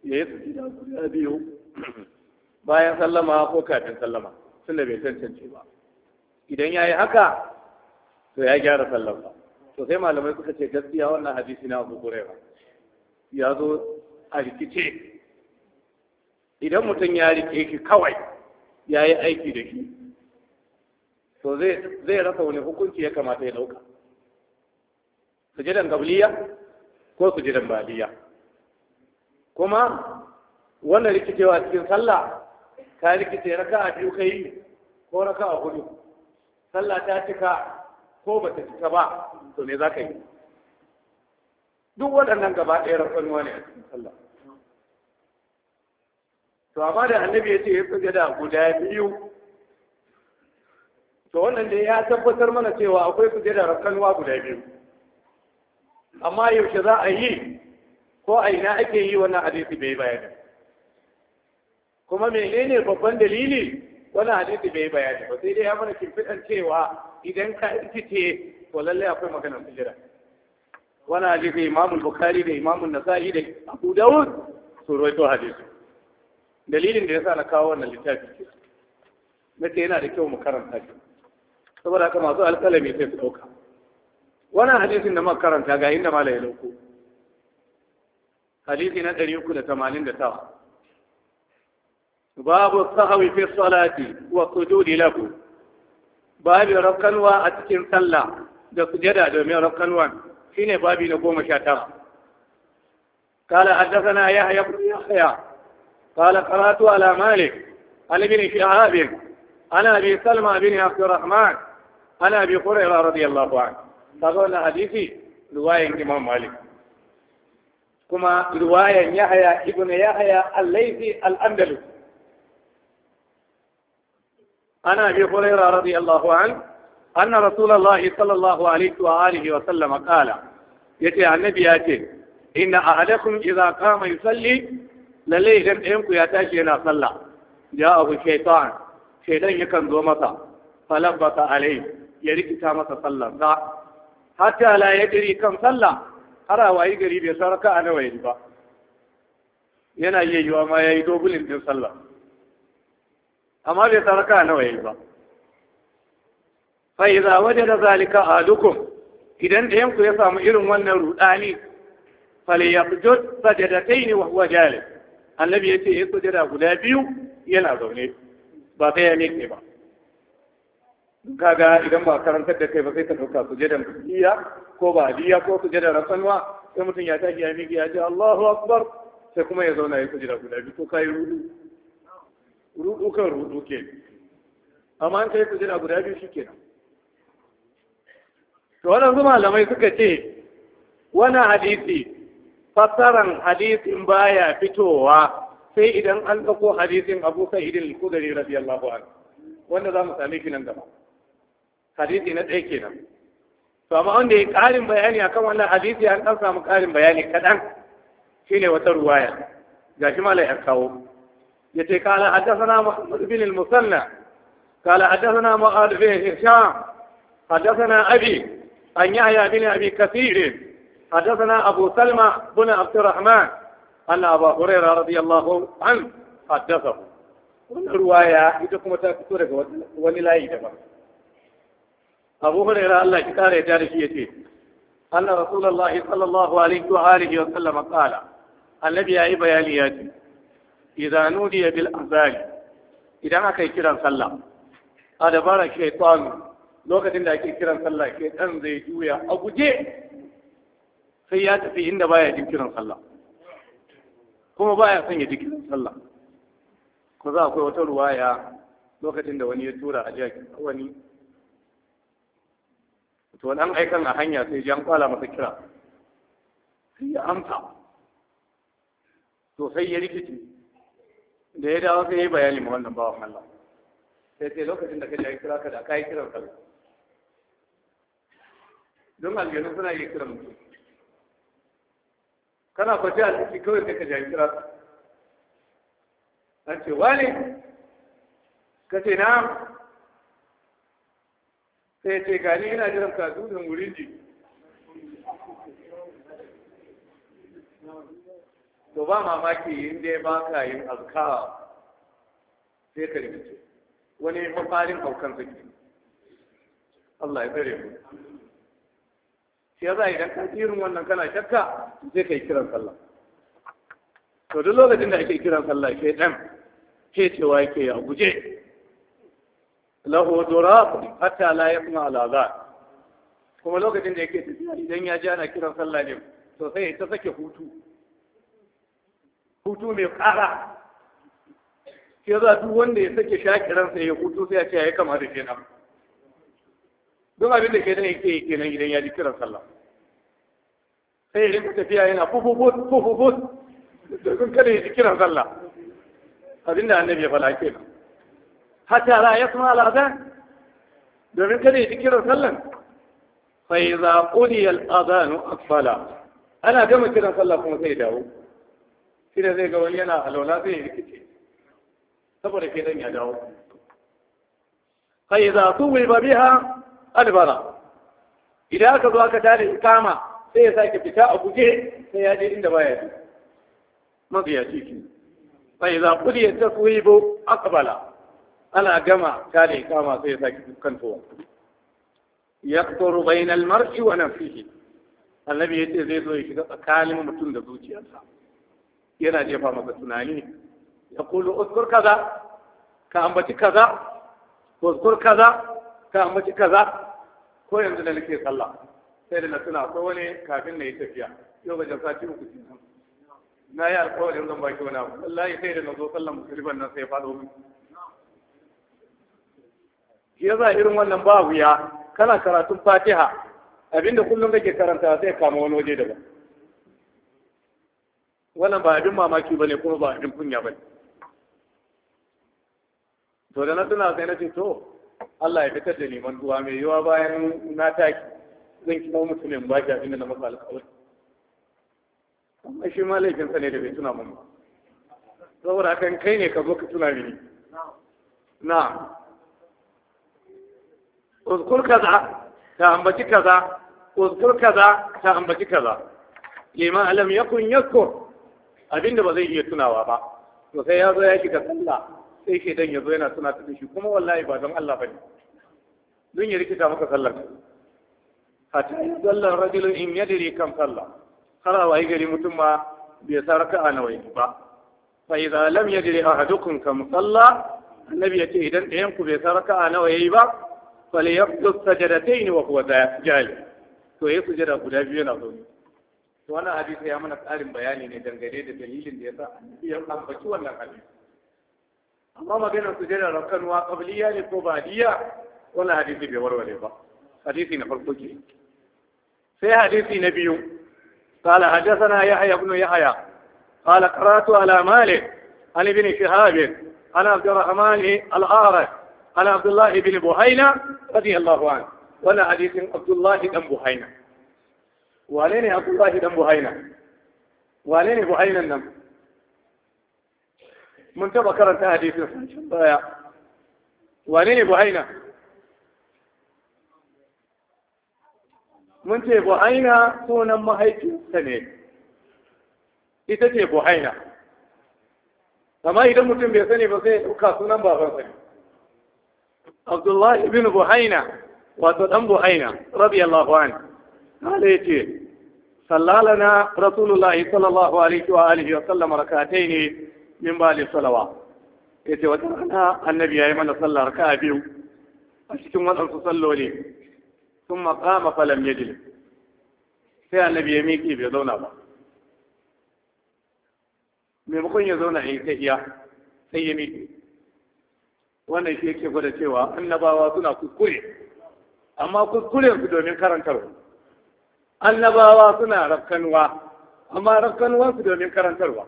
Speaker 1: ya yi sujada guda biyu <clears throat> bayan sallama ko kafin sallama tunda bai tantance ba idan ya yi haka to ya gyara sallama to sai malamai suka ce gaskiya wannan hadisi na abu ba ya zo a rikice idan mutum ya rike ki kawai ya yi aiki da ki to zai rasa wani hukunci ya kamata ya ɗauka sujudan gabliya ko sujudan ba'diya kuma wannan rikicewa cikin sallah ka rikice a biyu kai ko a hudu sallah ta cika ko ba ta cika ba to me za ka yi duk waɗannan gaba ɗaya rafsanuwa ne a cikin sallah to amma da annabi ya ce ya sujada guda biyu to wannan dai ya tabbatar mana cewa akwai sujada rafsanuwa guda biyu amma yaushe za a yi ko a ina ake yi wannan hadisi bai bayani kuma menene babban dalili wannan hadisi bai bayani ba sai dai ya mana kimfidan cewa idan ka rikice to lalle akwai maganar hijira wannan hadisi Imam Bukari da Imam Nasa'i da Abu Dawud su roito hadisi dalilin da ya sa na kawo wannan littafi ce. ce yana da kyau mu karanta shi saboda haka masu alƙalami sai su ɗauka wannan hadisin da muka karanta ga inda mala ya lauko hadisi na 389 babu sahawi fi salati wa sujudi lahu babu rakkanwa a cikin sallah da sujada domin rakkanwan shine babi na 19 قال حدثنا يحيى بن يحيى قال قرات على مالك عن ابن شهاب عن ابي سلمى بن عبد الرحمن عن ابي هريره رضي الله عنه kaga wannan hadisi riwayan Imam Malik kuma riwayan Yahya ibn Yahya al-Laythi al-Andalus ana bi Hurairah radiyallahu anhu أن رسول الله صلى الله عليه وآله وسلم قال يتي النبي ياتي إن أحدكم إذا قام يصلي لليل إنكم يتاشي إلى صلى جاءه الشيطان شيطان يكن دومتا فلبط عليه يريك تامة صلى hatta la yadri kan sallah har a wayi gari bai san a nawa ba yana iya yiwa ma yayi dogulin din sallah amma bai san a nawa ba fa idza wajada zalika ahadukum idan ɗayan yanku ya samu irin wannan rudani falyasjud sajadatayn wa huwa jalis annabi yace ya sujada guda biyu yana zaune ba sai ya miƙe ba kaga idan ba karantar da kai ba sai ka dauka jeda iya ko ba diya ko jeda rafanwa sai mutum ya tashi ya miki ya ji Allahu akbar sai kuma ya zauna ya sujada guda biyu ko kai rudu rudu kan rudu ke amma an kai sujada guda biyu shikenan to wannan zuma malamai suka ce wannan hadisi fassaran hadisin baya fitowa sai idan an dauko hadisin Abu Sa'id al-Khudri radiyallahu anhu wanda za mu sami shi nan gaba hadisi na ɗaya kenan to amma wanda ya ƙarin bayani akan wannan hadisi an ɗan samu ƙarin bayani kaɗan shine wata ruwaya ga a malai an kawo ya kala haddasana Muhammad bin al-Musanna kala haddasana Mu'ad bin Hisham haddasana Abi an Yahya bin Abi Kathir حدثنا أبو سلمة بن عبد الرحمن أن أبا هريرة رضي الله عنه حدثه wannan ruwaya ita kuma ta fito daga wani layi abu huraira Allah ki kare da shi yace anna rasulullah sallallahu alaihi wa alihi wa sallam qala annabi yayi bayani ya ce idan nudiya bil azali idan aka yi kiran sallah adabara shaytan lokacin da ake kiran sallah ke shaytan zai juya a guje sai ya tafi inda baya jin kiran sallah kuma baya son ya ji kiran sallah ko za akwai wata ruwaya lokacin da wani ya tura a jiya, wani to nan aikan a hanya sai jan kwala masa kira sai ya amsa to sai ya rikici da ya dawo sai ya yi bayani ma wannan bawan Allah sai sai lokacin da ka jayi kira ka da ka yi kiran ka don aljanu suna yi kiran mutum kana kwace a ciki kawai sai ka jayi kira ka an ce wani ka ce na sai ce gani ina jiran ka wurin ji to ba mamaki in dai ba ka yin azkar sai ka rikice wani mafarin haukan zaki Allah ya tsare mu shi yasa idan ka ji irin wannan kana shakka sai ka yi kiran sallah to duk lokacin da ake kiran sallah sai ɗan, ke cewa yake ya guje lahu duraq hatta la yasma za kuma lokacin da yake tafiya idan ya ji ana kiran sallah ne to sai ya ta sake hutu hutu mai ƙara Ke za duk wanda ya sake sai ya hutu sai ya ce ya kama da kenan don abin da kenan yake yi kenan idan ya ji kiran sallah sai ya rinka tafiya yana fufufut fufufut domin kada ya ji kiran sallah abin da annabi ya fala kenan hatta la yasma al-adhan domin kada ya ji kiran sallan fa idza qudiya al-adhan aqfala ana gama kiran sallah kuma sai dawo shi da zai ga wani yana alwala zai rikice saboda ke ya dawo fa idza tuwiba biha adbara idan aka zo aka tare ikama sai ya sake fita a guje sai ya je inda baya ana gama ta kama sai ya saki dukkan tuwa tsoro bayan almarci wa nan nafsihi annabi ce zai zo ya shiga tsakanin mutum da zuciyarsa yana jefa masa tunani ya kulu uskur kaza ka ambaci kaza uskur kaza ka ambaci kaza ko yanzu da nake sallah sai da na tuna ko wani kafin na yi tafiya yau ba sati uku na yi alkawarin zan baki wani abu wallahi sai da na zo sallan musulman nan sai ya faɗo min shi yasa irin wannan ba wuya kana karatun fatiha abinda kullum kake karanta sai kama wani waje daban wannan ba abin mamaki ba ne, kuma ba abin kunya ne to da na tuna sai na ce to Allah ya fitar da neman duwa mai yiwa bayan na taki zan kira mutumin ba ki abinda na masa alƙawari amma shi ma laifinsa ne da bai tuna mun ba saboda kan kai ne ka zo ka tuna mini na'am uzkur kaza ta ambaci kaza uzkur kaza ta ambaci kaza lima alam yakun yakkur abinda ba zai iya tunawa ba to sai ya zo ya shiga sallah sai shedan ya zo yana tuna ta shi kuma wallahi ba don Allah bane don ya rikita maka sallar hatta ya zallar rajulun in yadri kam sallah har a wayi gari mutum ma bai sa raka'a nawa ba fa idza lam yadri ahadukum kam sallah annabi yace idan ɗayan ku bai sa raka'a nawa yayi ba falyaqdu sajadatayn wa huwa jahil to yayi sujada guda biyu na zo to wannan hadisi ya mana tsarin bayani ne dangane da dalilin da yasa annabi ya ambaci wannan hadisi amma maganar sujada rakkanuwa qabliya ne ko badiya wannan hadisi bai warware ba hadisi na farko ke sai hadisi na biyu قال حدثنا يحيى بن يحيى قال قرأت على مالك عن ابن شهاب عن عبد الرحمن الأعرج ana abdullahi bin buhaina radiyallahu an wannan hadisin abdullahi dan buhaina wane abdullahi dan buhaina wane buhainan nan mun taba karanta hadisin sun baya buhaina mun ce buhaina sunan mahaifinsa ne ita ce buhaina amma idan mutum bai sani ba sai ya sunan babansa ne abdullahi bin buhaina wato dan buhaina radiyallahu anhu kale yace sallalana rasulullahi sallallahu alaihi wa alihi wa sallam rak'atayn min ba'di salawa yace wata rana annabi yayi mana sallar raka'a biyu a cikin wadansu salloli sun maqama falam yajlis sai annabi ya miƙe bai zauna ba maimakon ya zauna ya yi tahiya sai ya wannan shi yake gwada cewa annabawa suna kuskure amma kuskuren su domin karantarwa annabawa suna rafkanuwa amma rafkanuwa su domin karantarwa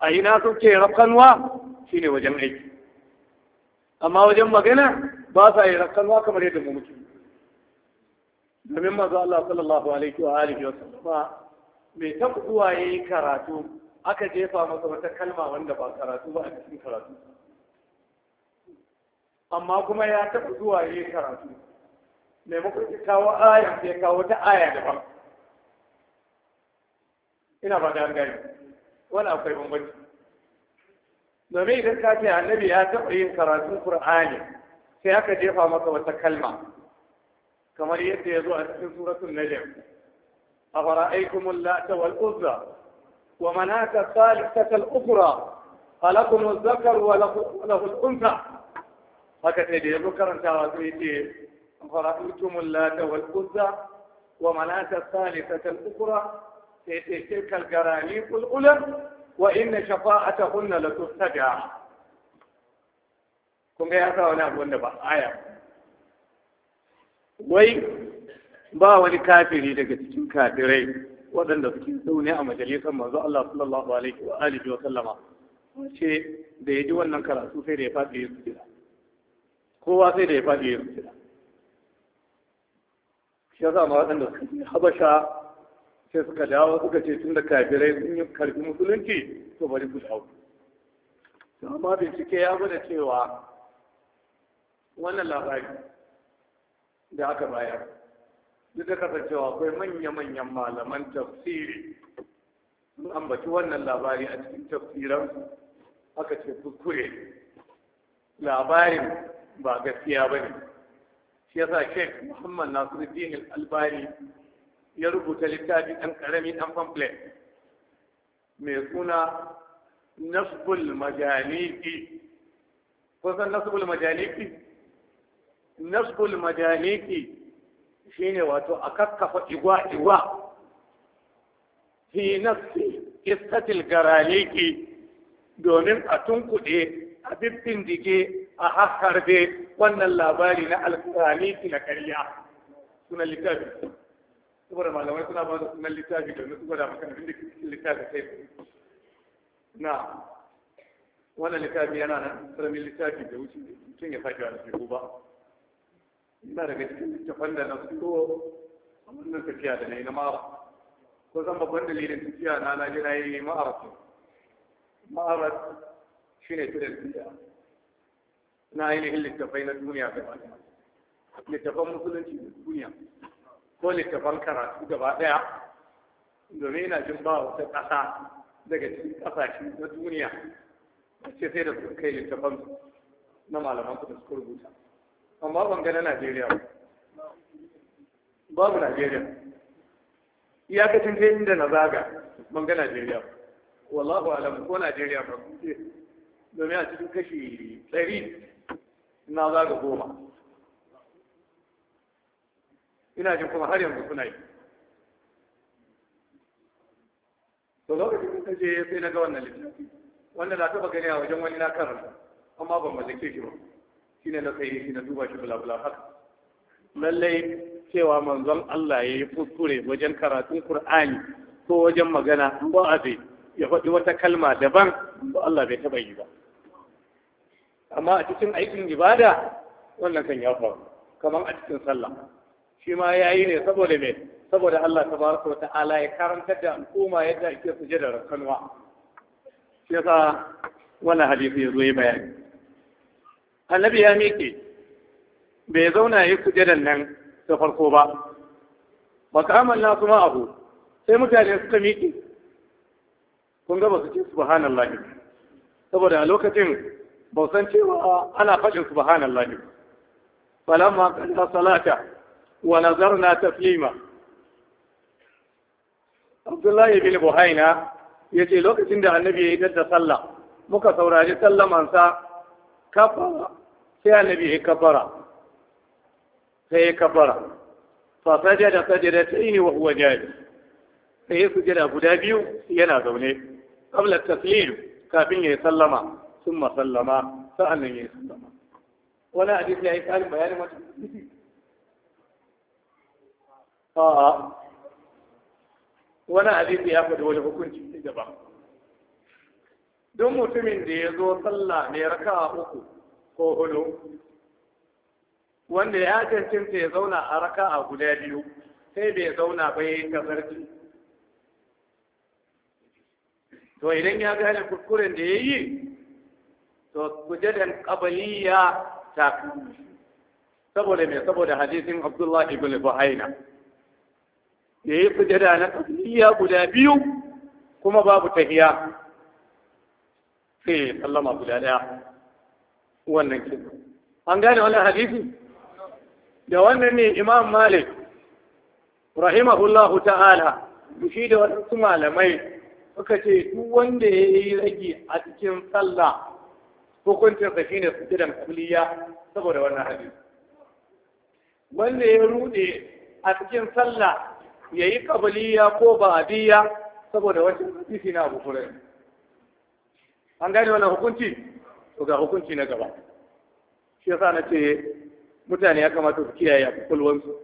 Speaker 1: a ina suke rafkanuwa ne wajen aiki amma wajen magana ba sa yi rafkanuwa kamar yadda mu muke domin mazu Allah sallallahu alaihi wa alihi wa sallama mai ta ya yi karatu aka jefa masa wata kalma wanda ba karatu ba a cikin karatu amma kuma ya taɓa zuwa ya yi karatu mai makwai kawo aya ya kawo ta aya da ba ina ba da gani wani akwai bambanci domin idan ka ce annabi ya taɓa yin karatun qur'ani sai aka jefa maka wata kalma kamar yadda ya zo a cikin suratul najm أفرأيتم اللات والأذى ومناة الثالثة الأخرى ألكم الذكر وله الأنثى haka ne da ya karantawa sai ce fara'utumul lata wal uzza wa manata salisata al ukhra sai ce tilkal garani kul ula wa inna shafa'atahunna la tusada kun ga ya sa wani abu wanda ba aya wai ba wani kafiri daga cikin kafirai waɗanda suke zaune a majalisar manzo Allah sallallahu alaihi wa alihi wa sallama ce da yaji wannan karatu sai da ya faɗi ya gida kowa sai da ya faɗi ya rufe shi ya sama waɗanda suka habasha sai suka dawo suka ce tun da kafirai sun yi karfi musulunci to bari ku dawo amma bincike ya gwada cewa wannan labari da aka bayar duk da kasancewa akwai manya-manyan malaman tafsiri sun ambaci wannan labari a cikin tafsiran aka ce kuskure labarin ba gaskiya ba ne shi yasa sheikh muhammad nasiruddin al-albani ya rubuta littafi ɗan ƙarami ɗan pamphlet mai suna nasbul majaliki kusan nasbul majaliki nasbul majaliki shine wato a kakkafa igwa-igwa fi nafsi istatil garaliki domin a tunkuɗe a bibbin dige a harbe wannan labari na alƙalisi na ƙarya sunan littafi saboda malamai suna ba da sunan littafi da su gwada maka abin da cikin littafi sai na wannan littafi yana nan karamin littafi da wuce mutum ya sake wani teku ba ina daga cikin littafan da na fito a wannan tafiya da na yi na mara ko zan babban dalilin tafiya na na je na yi ma'arat shi ne tudun tafiya na ainihin littafai na duniya gaba ɗaya littafan musulunci na duniya ko littafan karatu gaba ɗaya domin yana jin ba wata ƙasa daga cikin ƙasashe na duniya a ce sai da su kai littafan na malaman su da suka rubuta amma ban ga na Najeriya babu Najeriya iyakacin kai inda na zaga ban ga Najeriya wallahu alam ko Najeriya ba domin a cikin kashi ɗari ina za ga goma ina jin kuma har yanzu suna yi to lokacin da je sai na ga wannan littafi wannan da taba gani a wajen wani na karanta amma ban mallake shi ba shine na sai shi na duba shi bula bula haka lallai cewa manzon Allah ya yi kuskure wajen karatun Kur'ani ko wajen magana ko abe ya faɗi wata kalma daban ko Allah bai taɓa yi ba. amma a cikin aikin ibada wannan kan ya faru kamar a cikin sallah shi ma ya yi ne saboda me saboda Allah ta tabaraka wa ta'ala ya karantar da al'umma yadda ake suje da kanwa shi yasa wannan hadisi ya zo bayani annabi ya miƙe bai zauna ya da nan da farko ba makaman na kuma abu sai mutane suka miƙe kun ga ba su ce subhanallahi saboda a lokacin ba cewa ana faɗin subhanallah ne falamma qala salata wa nazarna taslima Abdullahi bin Buhaina yace lokacin da annabi ya yi da sallah muka saurari sallamansa kafara sai annabi ya kafara sai ya kafara fa sajada sajadatayn wa huwa jali sai ya sujada guda biyu yana zaune qabla taslim kafin ya sallama sun masallama ya yi sallama wani hadis ya yi tsarin bayanin wata a'a wani hadisi ya faɗi wani hukunci da ba don mutumin da ya zo sallah mai raka uku ko hudu wanda ya cancanta ya zauna a raka guda biyu sai bai zauna ba ya yi kasarci to idan ya gane kuskuren da ya yi to sujadan qabliya ta saboda me saboda hadisin Abdullah ibn Buhaina ya yi sujada na qabliya guda biyu kuma babu tahiya sai sallama guda daya wannan ke an gane wannan hadisi da wannan ne Imam Malik rahimahullahu ta'ala shi da wasu malamai suka ce duk wanda ya yi rage a cikin sallah hukuncin sa shine da kuliya saboda wannan hadisi wanda ya rude a cikin sallah ya yi kabaliya ko ba'adiyya saboda wancan hadisi na Abu Hurairah an gane wannan hukunci to ga hukunci na gaba shi yasa na ce mutane ya kamata su kiyaye kulwansu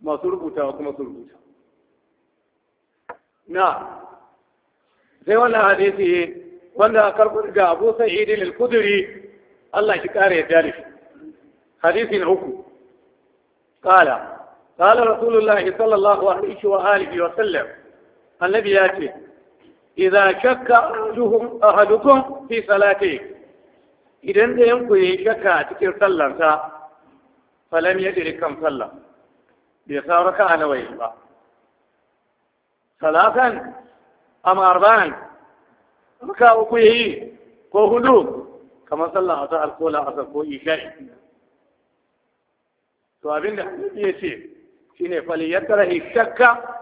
Speaker 1: masu rubutawa kuma su rubuta na sai wannan hadisi wanda a karɓo ga Abu Sa'id al-Khudri Allah ki ƙara ya dare hadisi na uku Ƙala. qala rasulullah sallallahu alaihi wa alihi wa sallam annabi ya ce Idan shakka ahaduhum ahadukum fi salati idan da yanku yayi shakka a cikin sallarsa falam yadri kan sallah bai sa raka'a nawa ba salatan am arba'an raka uku ya yi ko hudu kamar a asar alkola asar ko ishari to abin da hadisi ya ce shine fali yatrahi shakka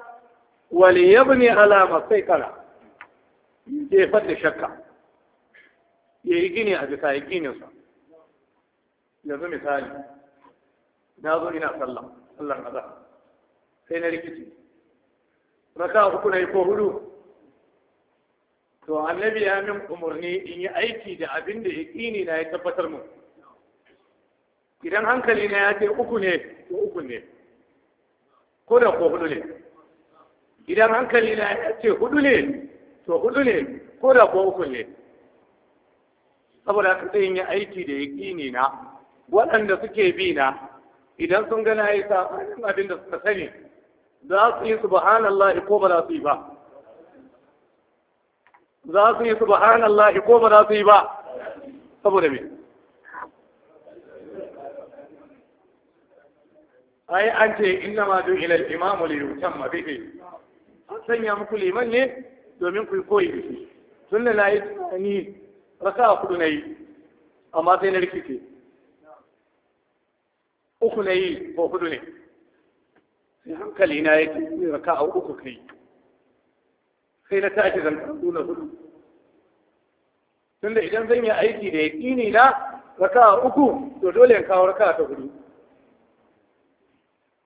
Speaker 1: wal alama sai kara ya fadda shakka ya yi gini a bisa ya gini sa yanzu misali na zo ina sallah sallar azhar sai na rikici raka uku na yi ko hudu to annabi ya min umarni in yi aiki da abin da yaƙini na ya tabbatar mu idan hankali na ya ce uku ne to uku ne ko da ko hudu ne idan hankali na ya ce hudu ne to hudu ne ko da ko uku ne saboda ka sai in yi aiki da yaƙini na waɗanda suke bi na idan sun gana ya sa abin da suka sani za su yi subhanallah ko ba za su yi ba za su yi subhanallah ko ba za su yi ba saboda me ai an ce inna ma du ila al-imamu li yutamma bihi an sanya muku liman ne domin ku yi koyi da shi tun da yi ni raka kudu nayi amma sai na rikice uku nayi ko hudu ne sai hankali na yake raka uku kai sai na tashi zan karatu na hudu tunda idan zan yi aiki da ya ƙini na raka uku to dole in kawo raka ta hudu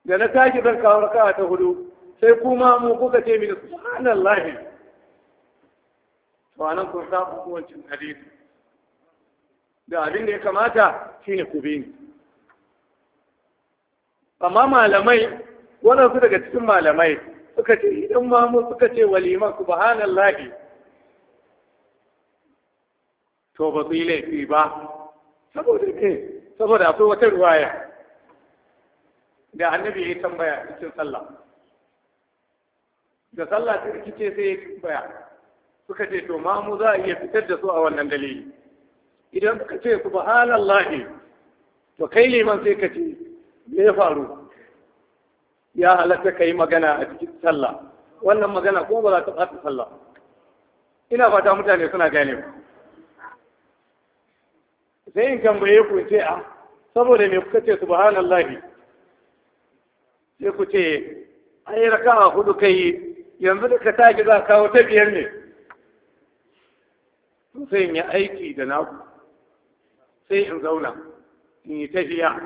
Speaker 1: da na tashi zan kawo raka ta hudu sai kuma mu kuka ce mini subhanallahi to anan kun sa hukuncin hadisi da abin da ya kamata shine ku bi amma malamai waɗansu daga cikin malamai suka ce idan ma mu suka ce walima subhanallahi to ba su yi laifi ba saboda ne saboda akwai wata ruwaya da annabi ya tambaya cikin sallah da sallah ta rikice sai ya tambaya suka ce to mamu za a iya fitar da su a wannan dalili idan suka ce subhanallah to kai liman sai ka ce me ya faru ya halatta ka yi magana a cikin sallah wannan magana ko ba za ta ɓata sallah ina fata mutane suna gane ba sai in tambaye ku ce a ah, saboda me kuka ce subhanallahi sai ku ce ai raka'a hudu kai yanzu da ka tashi za kawo ta biyar ne to sai in yi aiki da naku sai in zauna in yi tafiya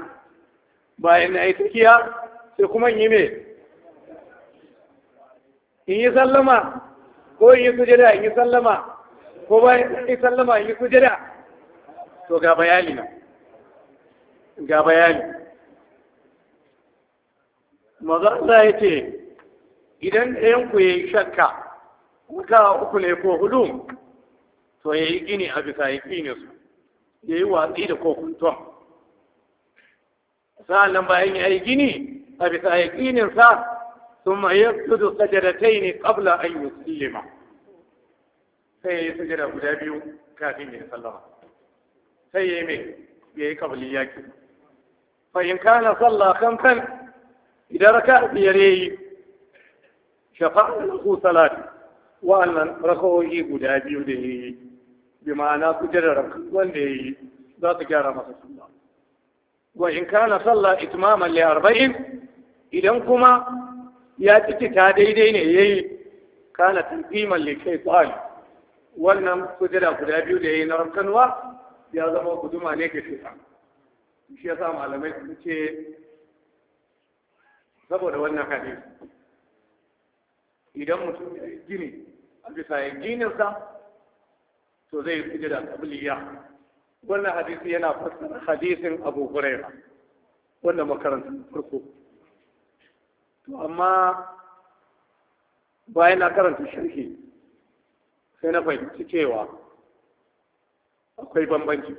Speaker 1: bayan na yi tafiya sai kuma in yi me in yi sallama ko in yi sujada in yi sallama ko bayan in yi sallama in yi sujada to ga bayani na ga bayani maza Allah ya ce idan ɗayan ku ya yi shakka wata uku ne ko hudu to ya yi gini a bisa ya ne su ya yi watsi da kokunton sa'an nan bayan ya yi gini a bisa ya sa, sun mayar ya tudu sajadatai ne ƙabla an yi sai ya yi sajada guda biyu kafin ya sallama sai ya yi mai ya yi kabali yaki fa in kana sallah kamfan idan raka biyar ya yi shafa'a lahu salati wa'annan rakawoyi guda biyu da ya yi bi ma'ana su jira wanda ya yi za su gyara masa sallah wa in kana sallah itmaman li arba'in idan kuma
Speaker 3: ya ciki ta daidai
Speaker 1: ne ya yi kana tanqiman kai shaytan wannan kujira guda biyu da ya yi na rankanwa ya zama guduma ne ke fita shi ya sa malamai su ce saboda wannan hadisi idan mutum ya yi gini a bisa ya gininsa to zai fi da tabliya wannan hadisi yana fassara hadisin abu huraira wannan makarantar farko to amma bayan na karanta sharhi sai na fahimci cewa akwai bambanci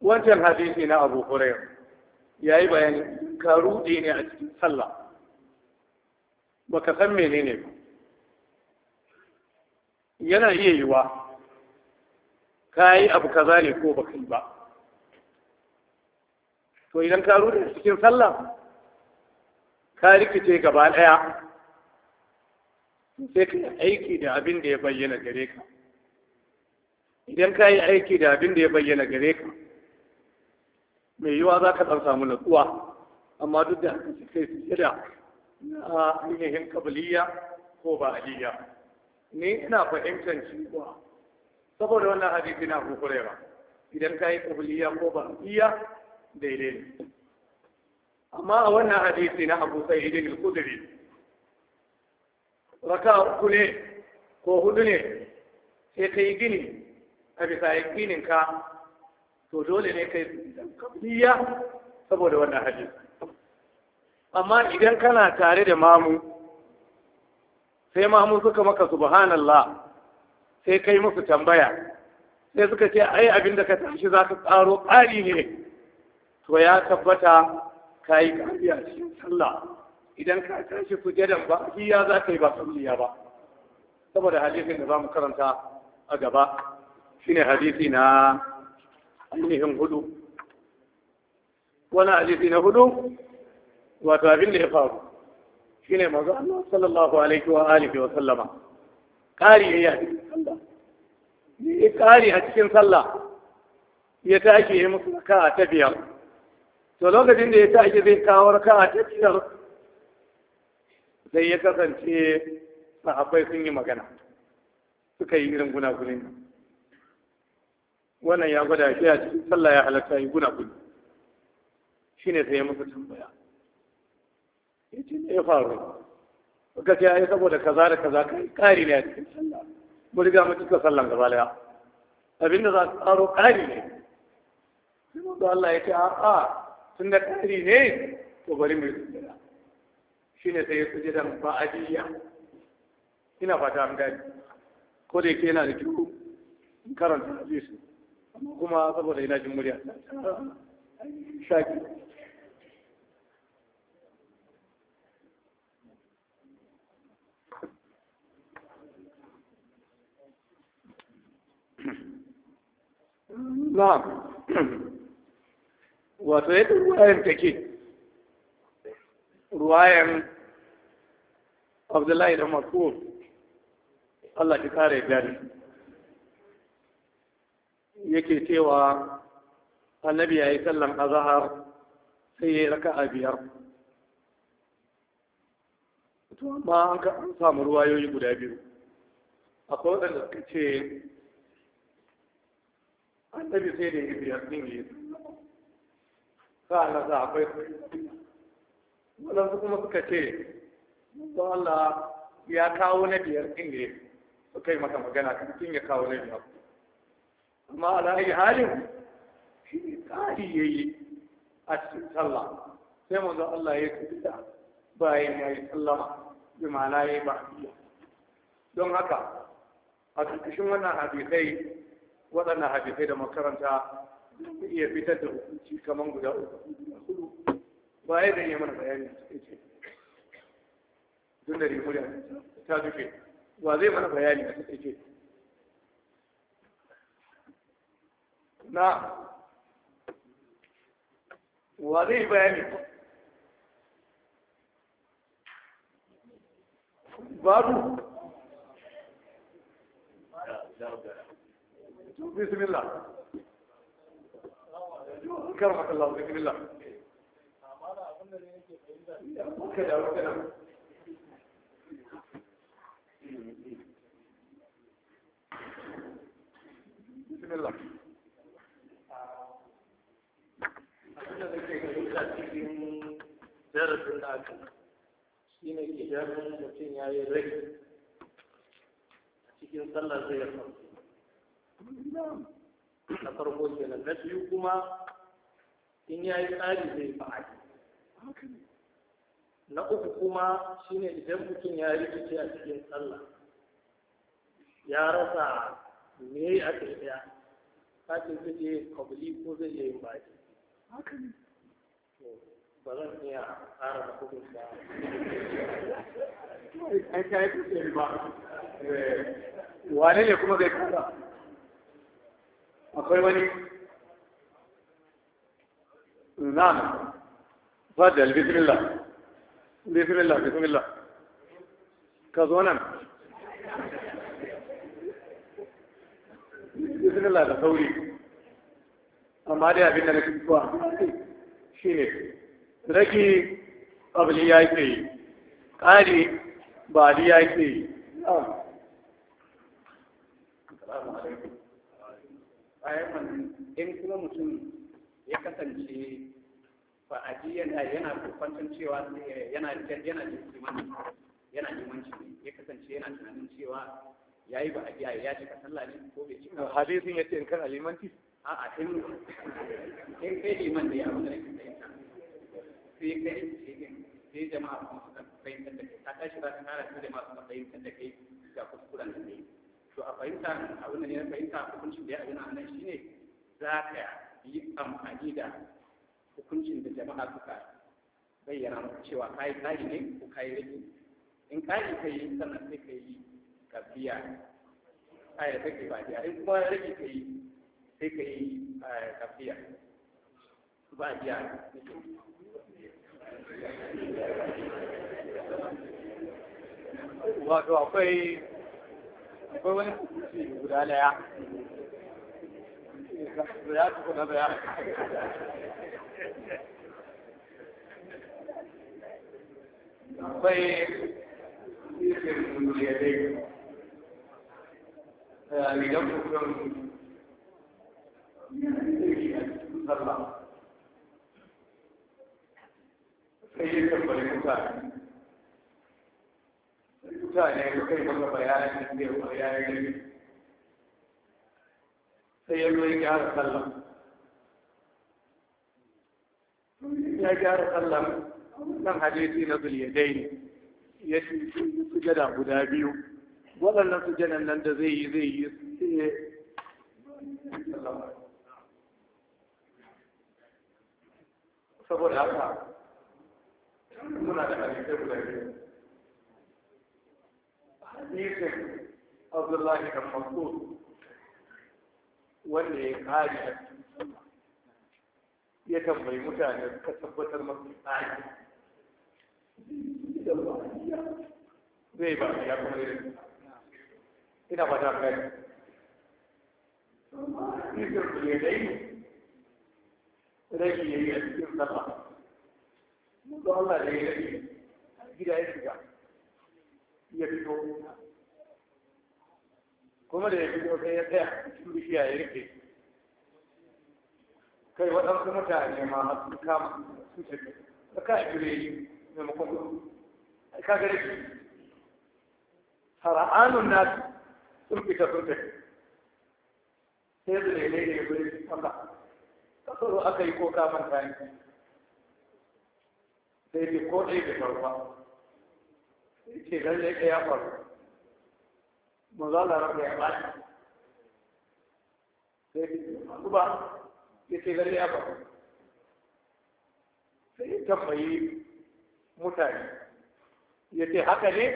Speaker 1: wancan hadisi na abu ya yi bayani ka rude ne a cikin sallah ka san menene ba yana iya yiwa ka yi abu kaza ne ko baka yi ba to idan ka rude a cikin sallah ka rikice gaba ɗaya sai ka aiki da abin da ya bayyana gare ka idan ka yi aiki da abin da ya bayyana gare ka mai yiwa za ka ɗan samu natsuwa amma duk da haka sai su da na ainihin kabiliya ko ba ba'aliya ni ina fahimtar cewa saboda wannan hadisi na hukurera idan ka yi kabiliya ko ba ba'aliya daidai ne amma a wannan hadisi na abu sai idan ya kudri raka uku ne ko hudu ne sai ka yi gini a bisa yakinin ka to dole ne kai saboda wannan hadisi amma idan kana tare da mamu sai mamu suka maka subhanallah sai kai musu tambaya sai suka ce ai abin da ka tashi zaka ka tsaro ƙari ne to ya tabbata ka yi a cikin sallah idan ka tashi sujadan ba iya za ka yi ba salliya ba saboda hadisin da za mu karanta a gaba shine hadisi na ainihin hudu wani hadisi na hudu wato abin da ya faru shine mazu Allah sallallahu alaihi wa alihi wa sallama kari ya yi sallah ne kari a cikin sallah ya tashi ya musu raka a tafiyar. to lokacin da ya tashi zai kawo raka a tafiyar, sai ya kasance sahabbai sun yi magana suka yi irin gunagunin wannan ya gwada shi a cikin sallah ya halatta yi guna gudu shi ne sai ya musu tambaya ya ce ya faru ka ce ai saboda kaza da kaza kai ƙari ne a cikin sallah mu riga mu cika sallan gaba daya abin da za su tsaro ƙari ne sai mu Allah ya ce a'a tun da ƙari ne to bari mu yi shi ne sai ya sujadan ba'adiyya ina fata an gani ko da yake yana da kyau karanta hadisi kuma saboda ina jin murya shaki na'am wato ɗin ruwayen take ruwayen abdullahi da masu Allah ki kare gari yake cewa annabi ya yi sallan azahar sai ya yi raka a biyar to amma an samu ruwayoyi guda biyu akwai waɗanda suka ce annabi sai da ya biyar ɗin yi sa'an akwai waɗansu kuma suka ce Allah ya kawo na biyar ɗin ne kai yi maka magana kan ya kawo na biyar amma ala ayi halin shi ne tsari ya yi a cikin sallah sai manzo Allah ya kuɗa bayan ya yi sallama bi ma'ana ya yi ba. don haka a ƙarƙashin wannan hadisai waɗannan hadisai da makaranta zai iya fitar da hukunci kamar guda uku ba ya zai yi mana bayani cikin ce tun da rimuriya ta duke ba zai mana bayani a cikin ce na wa zai bayani babu bismillah
Speaker 2: karfaka Allah bismillah Thank you. da muke fahimta
Speaker 1: cikin darasin da aka shi ne idan mutum ya yi rai a cikin sallar zai ya na farko kenan na biyu kuma in ya yi tsari zai fa'adi na uku kuma shine idan mutum ya rikice a cikin sallah ya rasa me a kai daya kafin zai je kabili ko zai je yin baki haka ne ba zan iya tsara da kudin ka yi kusa ba eh, wane ne kuma akwai wani na'am fadal bismillah bismillah bismillah ka zo nan bismillah da sauri amma dai abin da na fi kuwa shi ne rage ƙabli ya ke yi ƙari ba di ya ke yi in kuma mutum ya kasance ba a ji yana yana kwanton cewa yana yana limanci yana limanci ya kasance yana tunanin cewa yayi ba a ji ya cika sallah ne ko bai cika hadisin yace in kan alimanci a'a in in kai man da ya abin da nake fahimta sai kai sai jama'a kuma suka fahimtar da ta tashi ba ta kara su jama'a suka fahimtar da kai ga kuskuren da kai to a fahimta a wannan ne na fahimta hukuncin da ya abin a nan shine za ka yi amfani da hukuncin da jama'a suka bayyana maka cewa kayi tsari ne ko kayi rage in kari ka yi sannan sai ka yi ka biya ayar kake ba biya in kuma rage ka yi sai ka yi eh, tafiya ba biya wato akwai akwai wani guda daya ya tuku na daya
Speaker 2: akwai
Speaker 1: sallah sai ya tambari mutane mutane da kai maka bayanin da ya bayanin da sai ya zai gyara sallah ya gyara sallah nan hadisi na zuliyadai ne ya ce sujada guda biyu waɗannan sujadan nan da zai yi zai yi sai saboda haka muna da hadisai guda biyu hadisin abdullahi da masud wanda ya kare a ya tambayi mutane ka tabbatar masu tsari zai ba ya kuma yi ina ba ta kai
Speaker 2: hadisin
Speaker 1: su ne dai rage ya yi a cikin sama mutu Allah da ya rage gida ya shiga ya fito kuma da ya fito sai ya tsaya cikin bishiya ya rike kai waɗansu mutane ma sun kama sun tafi ka ibire yi maimakon ka ga rage hara'anun nasu sun fita sun tafi sai da ne ne ya gudu Allah kasaro aka yi ko ka manta ni sai ce ko ɗaya da faru sai ce lalle ka ya faru Maza Allah rabbi ya ba sai masu ba ya ce lalle ya faru sai ya tambayi mutane ya ce haka ne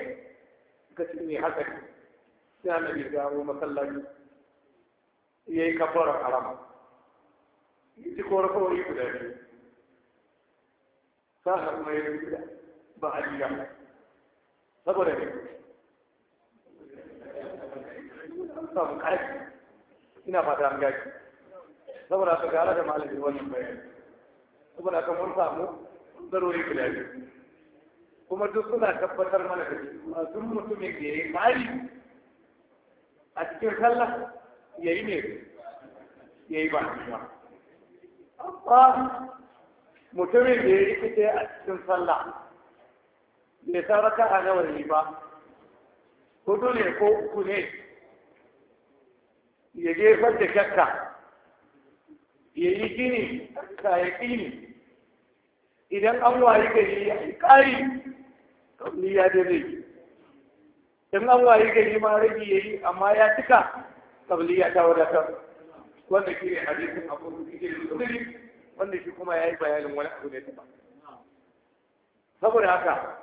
Speaker 1: ka ce ne eh, haka ne sai ana ya dawo masallaci ya yi kafarar alama. yi ko yi guda biyu Ta har ya rubuta ba a biya saboda ne samun ƙarfi ina fata an gaji saboda ka gara da malamin wannan bayani saboda ka mun samu zarori guda biyu kuma duk suna tabbatar mana da a duk mutumin da ya yi kari a cikin sallah ya yi ne ya yi ba mutumin da ya yi rikice a cikin sallah bai san raka a nawa ne ba hudu ne ko uku ne ya jefar da shakka ya yi gini ka ya gini, idan an wari gari ya yi ƙari ni ya da rai, in an wayi gari ma rage ya yi amma ya cika ƙabliya ta wadatar wanda shi ne hadisin abu kudiri wanda shi kuma ya yi bayanin wani abu ne daban saboda haka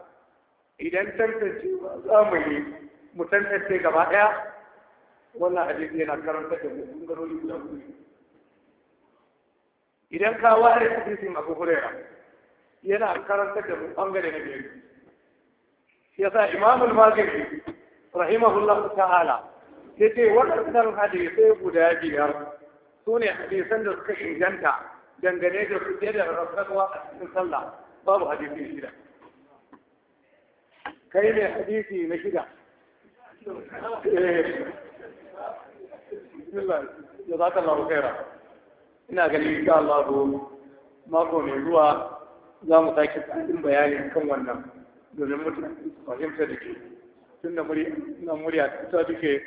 Speaker 1: idan tantance za mu yi mu tantance gaba ɗaya wannan hadisi yana karanta da mu ɓangarori guda hudu idan ka ware hadisin abu huraira yana karanta da mu ɓangare na biyar shi yasa imamul maziri rahimahullah ta'ala yace waɗannan sai guda biyar su ne hadisan da suka inganta dangane da su da rafsarwa a cikin sallah babu hadisi shida kai ne hadisi na shida ya za ka lafi kaira ina ganin ga Allah mako mai zuwa za mu sake tsarin bayani kan wannan domin mutum fahimta da ke tun da murya ta duke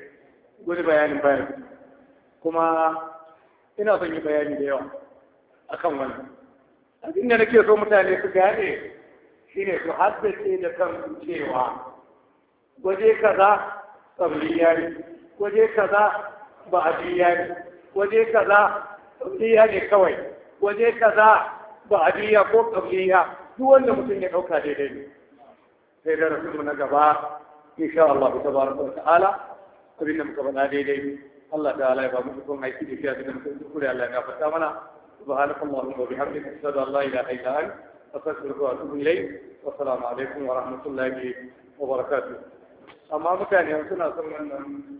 Speaker 1: wani bayanin bayan kuma ina son yi bayani da yawa a kan wannan abin da nake so mutane su gane shine su haddace da kan cewa waje kaza tsabliya ne waje kaza ba'adiyya ne waje kaza tsabliya ne kawai waje kaza ba'adiyya ko tsabliya duk wanda mutum ya ɗauka daidai ne sai da rasu na gaba insha Allah tabaraka wa ta'ala abin da muka faɗa daidai ne. Allah ta ala ya ba mu dukkan aiki da fiya cikin sun kure Allah ya gafarta mana subhanaka allahumma wa bihamdika ashhadu an la ilaha illa anta astaghfiruka wa atubu ilayk wa assalamu alaikum wa wa mutane suna wannan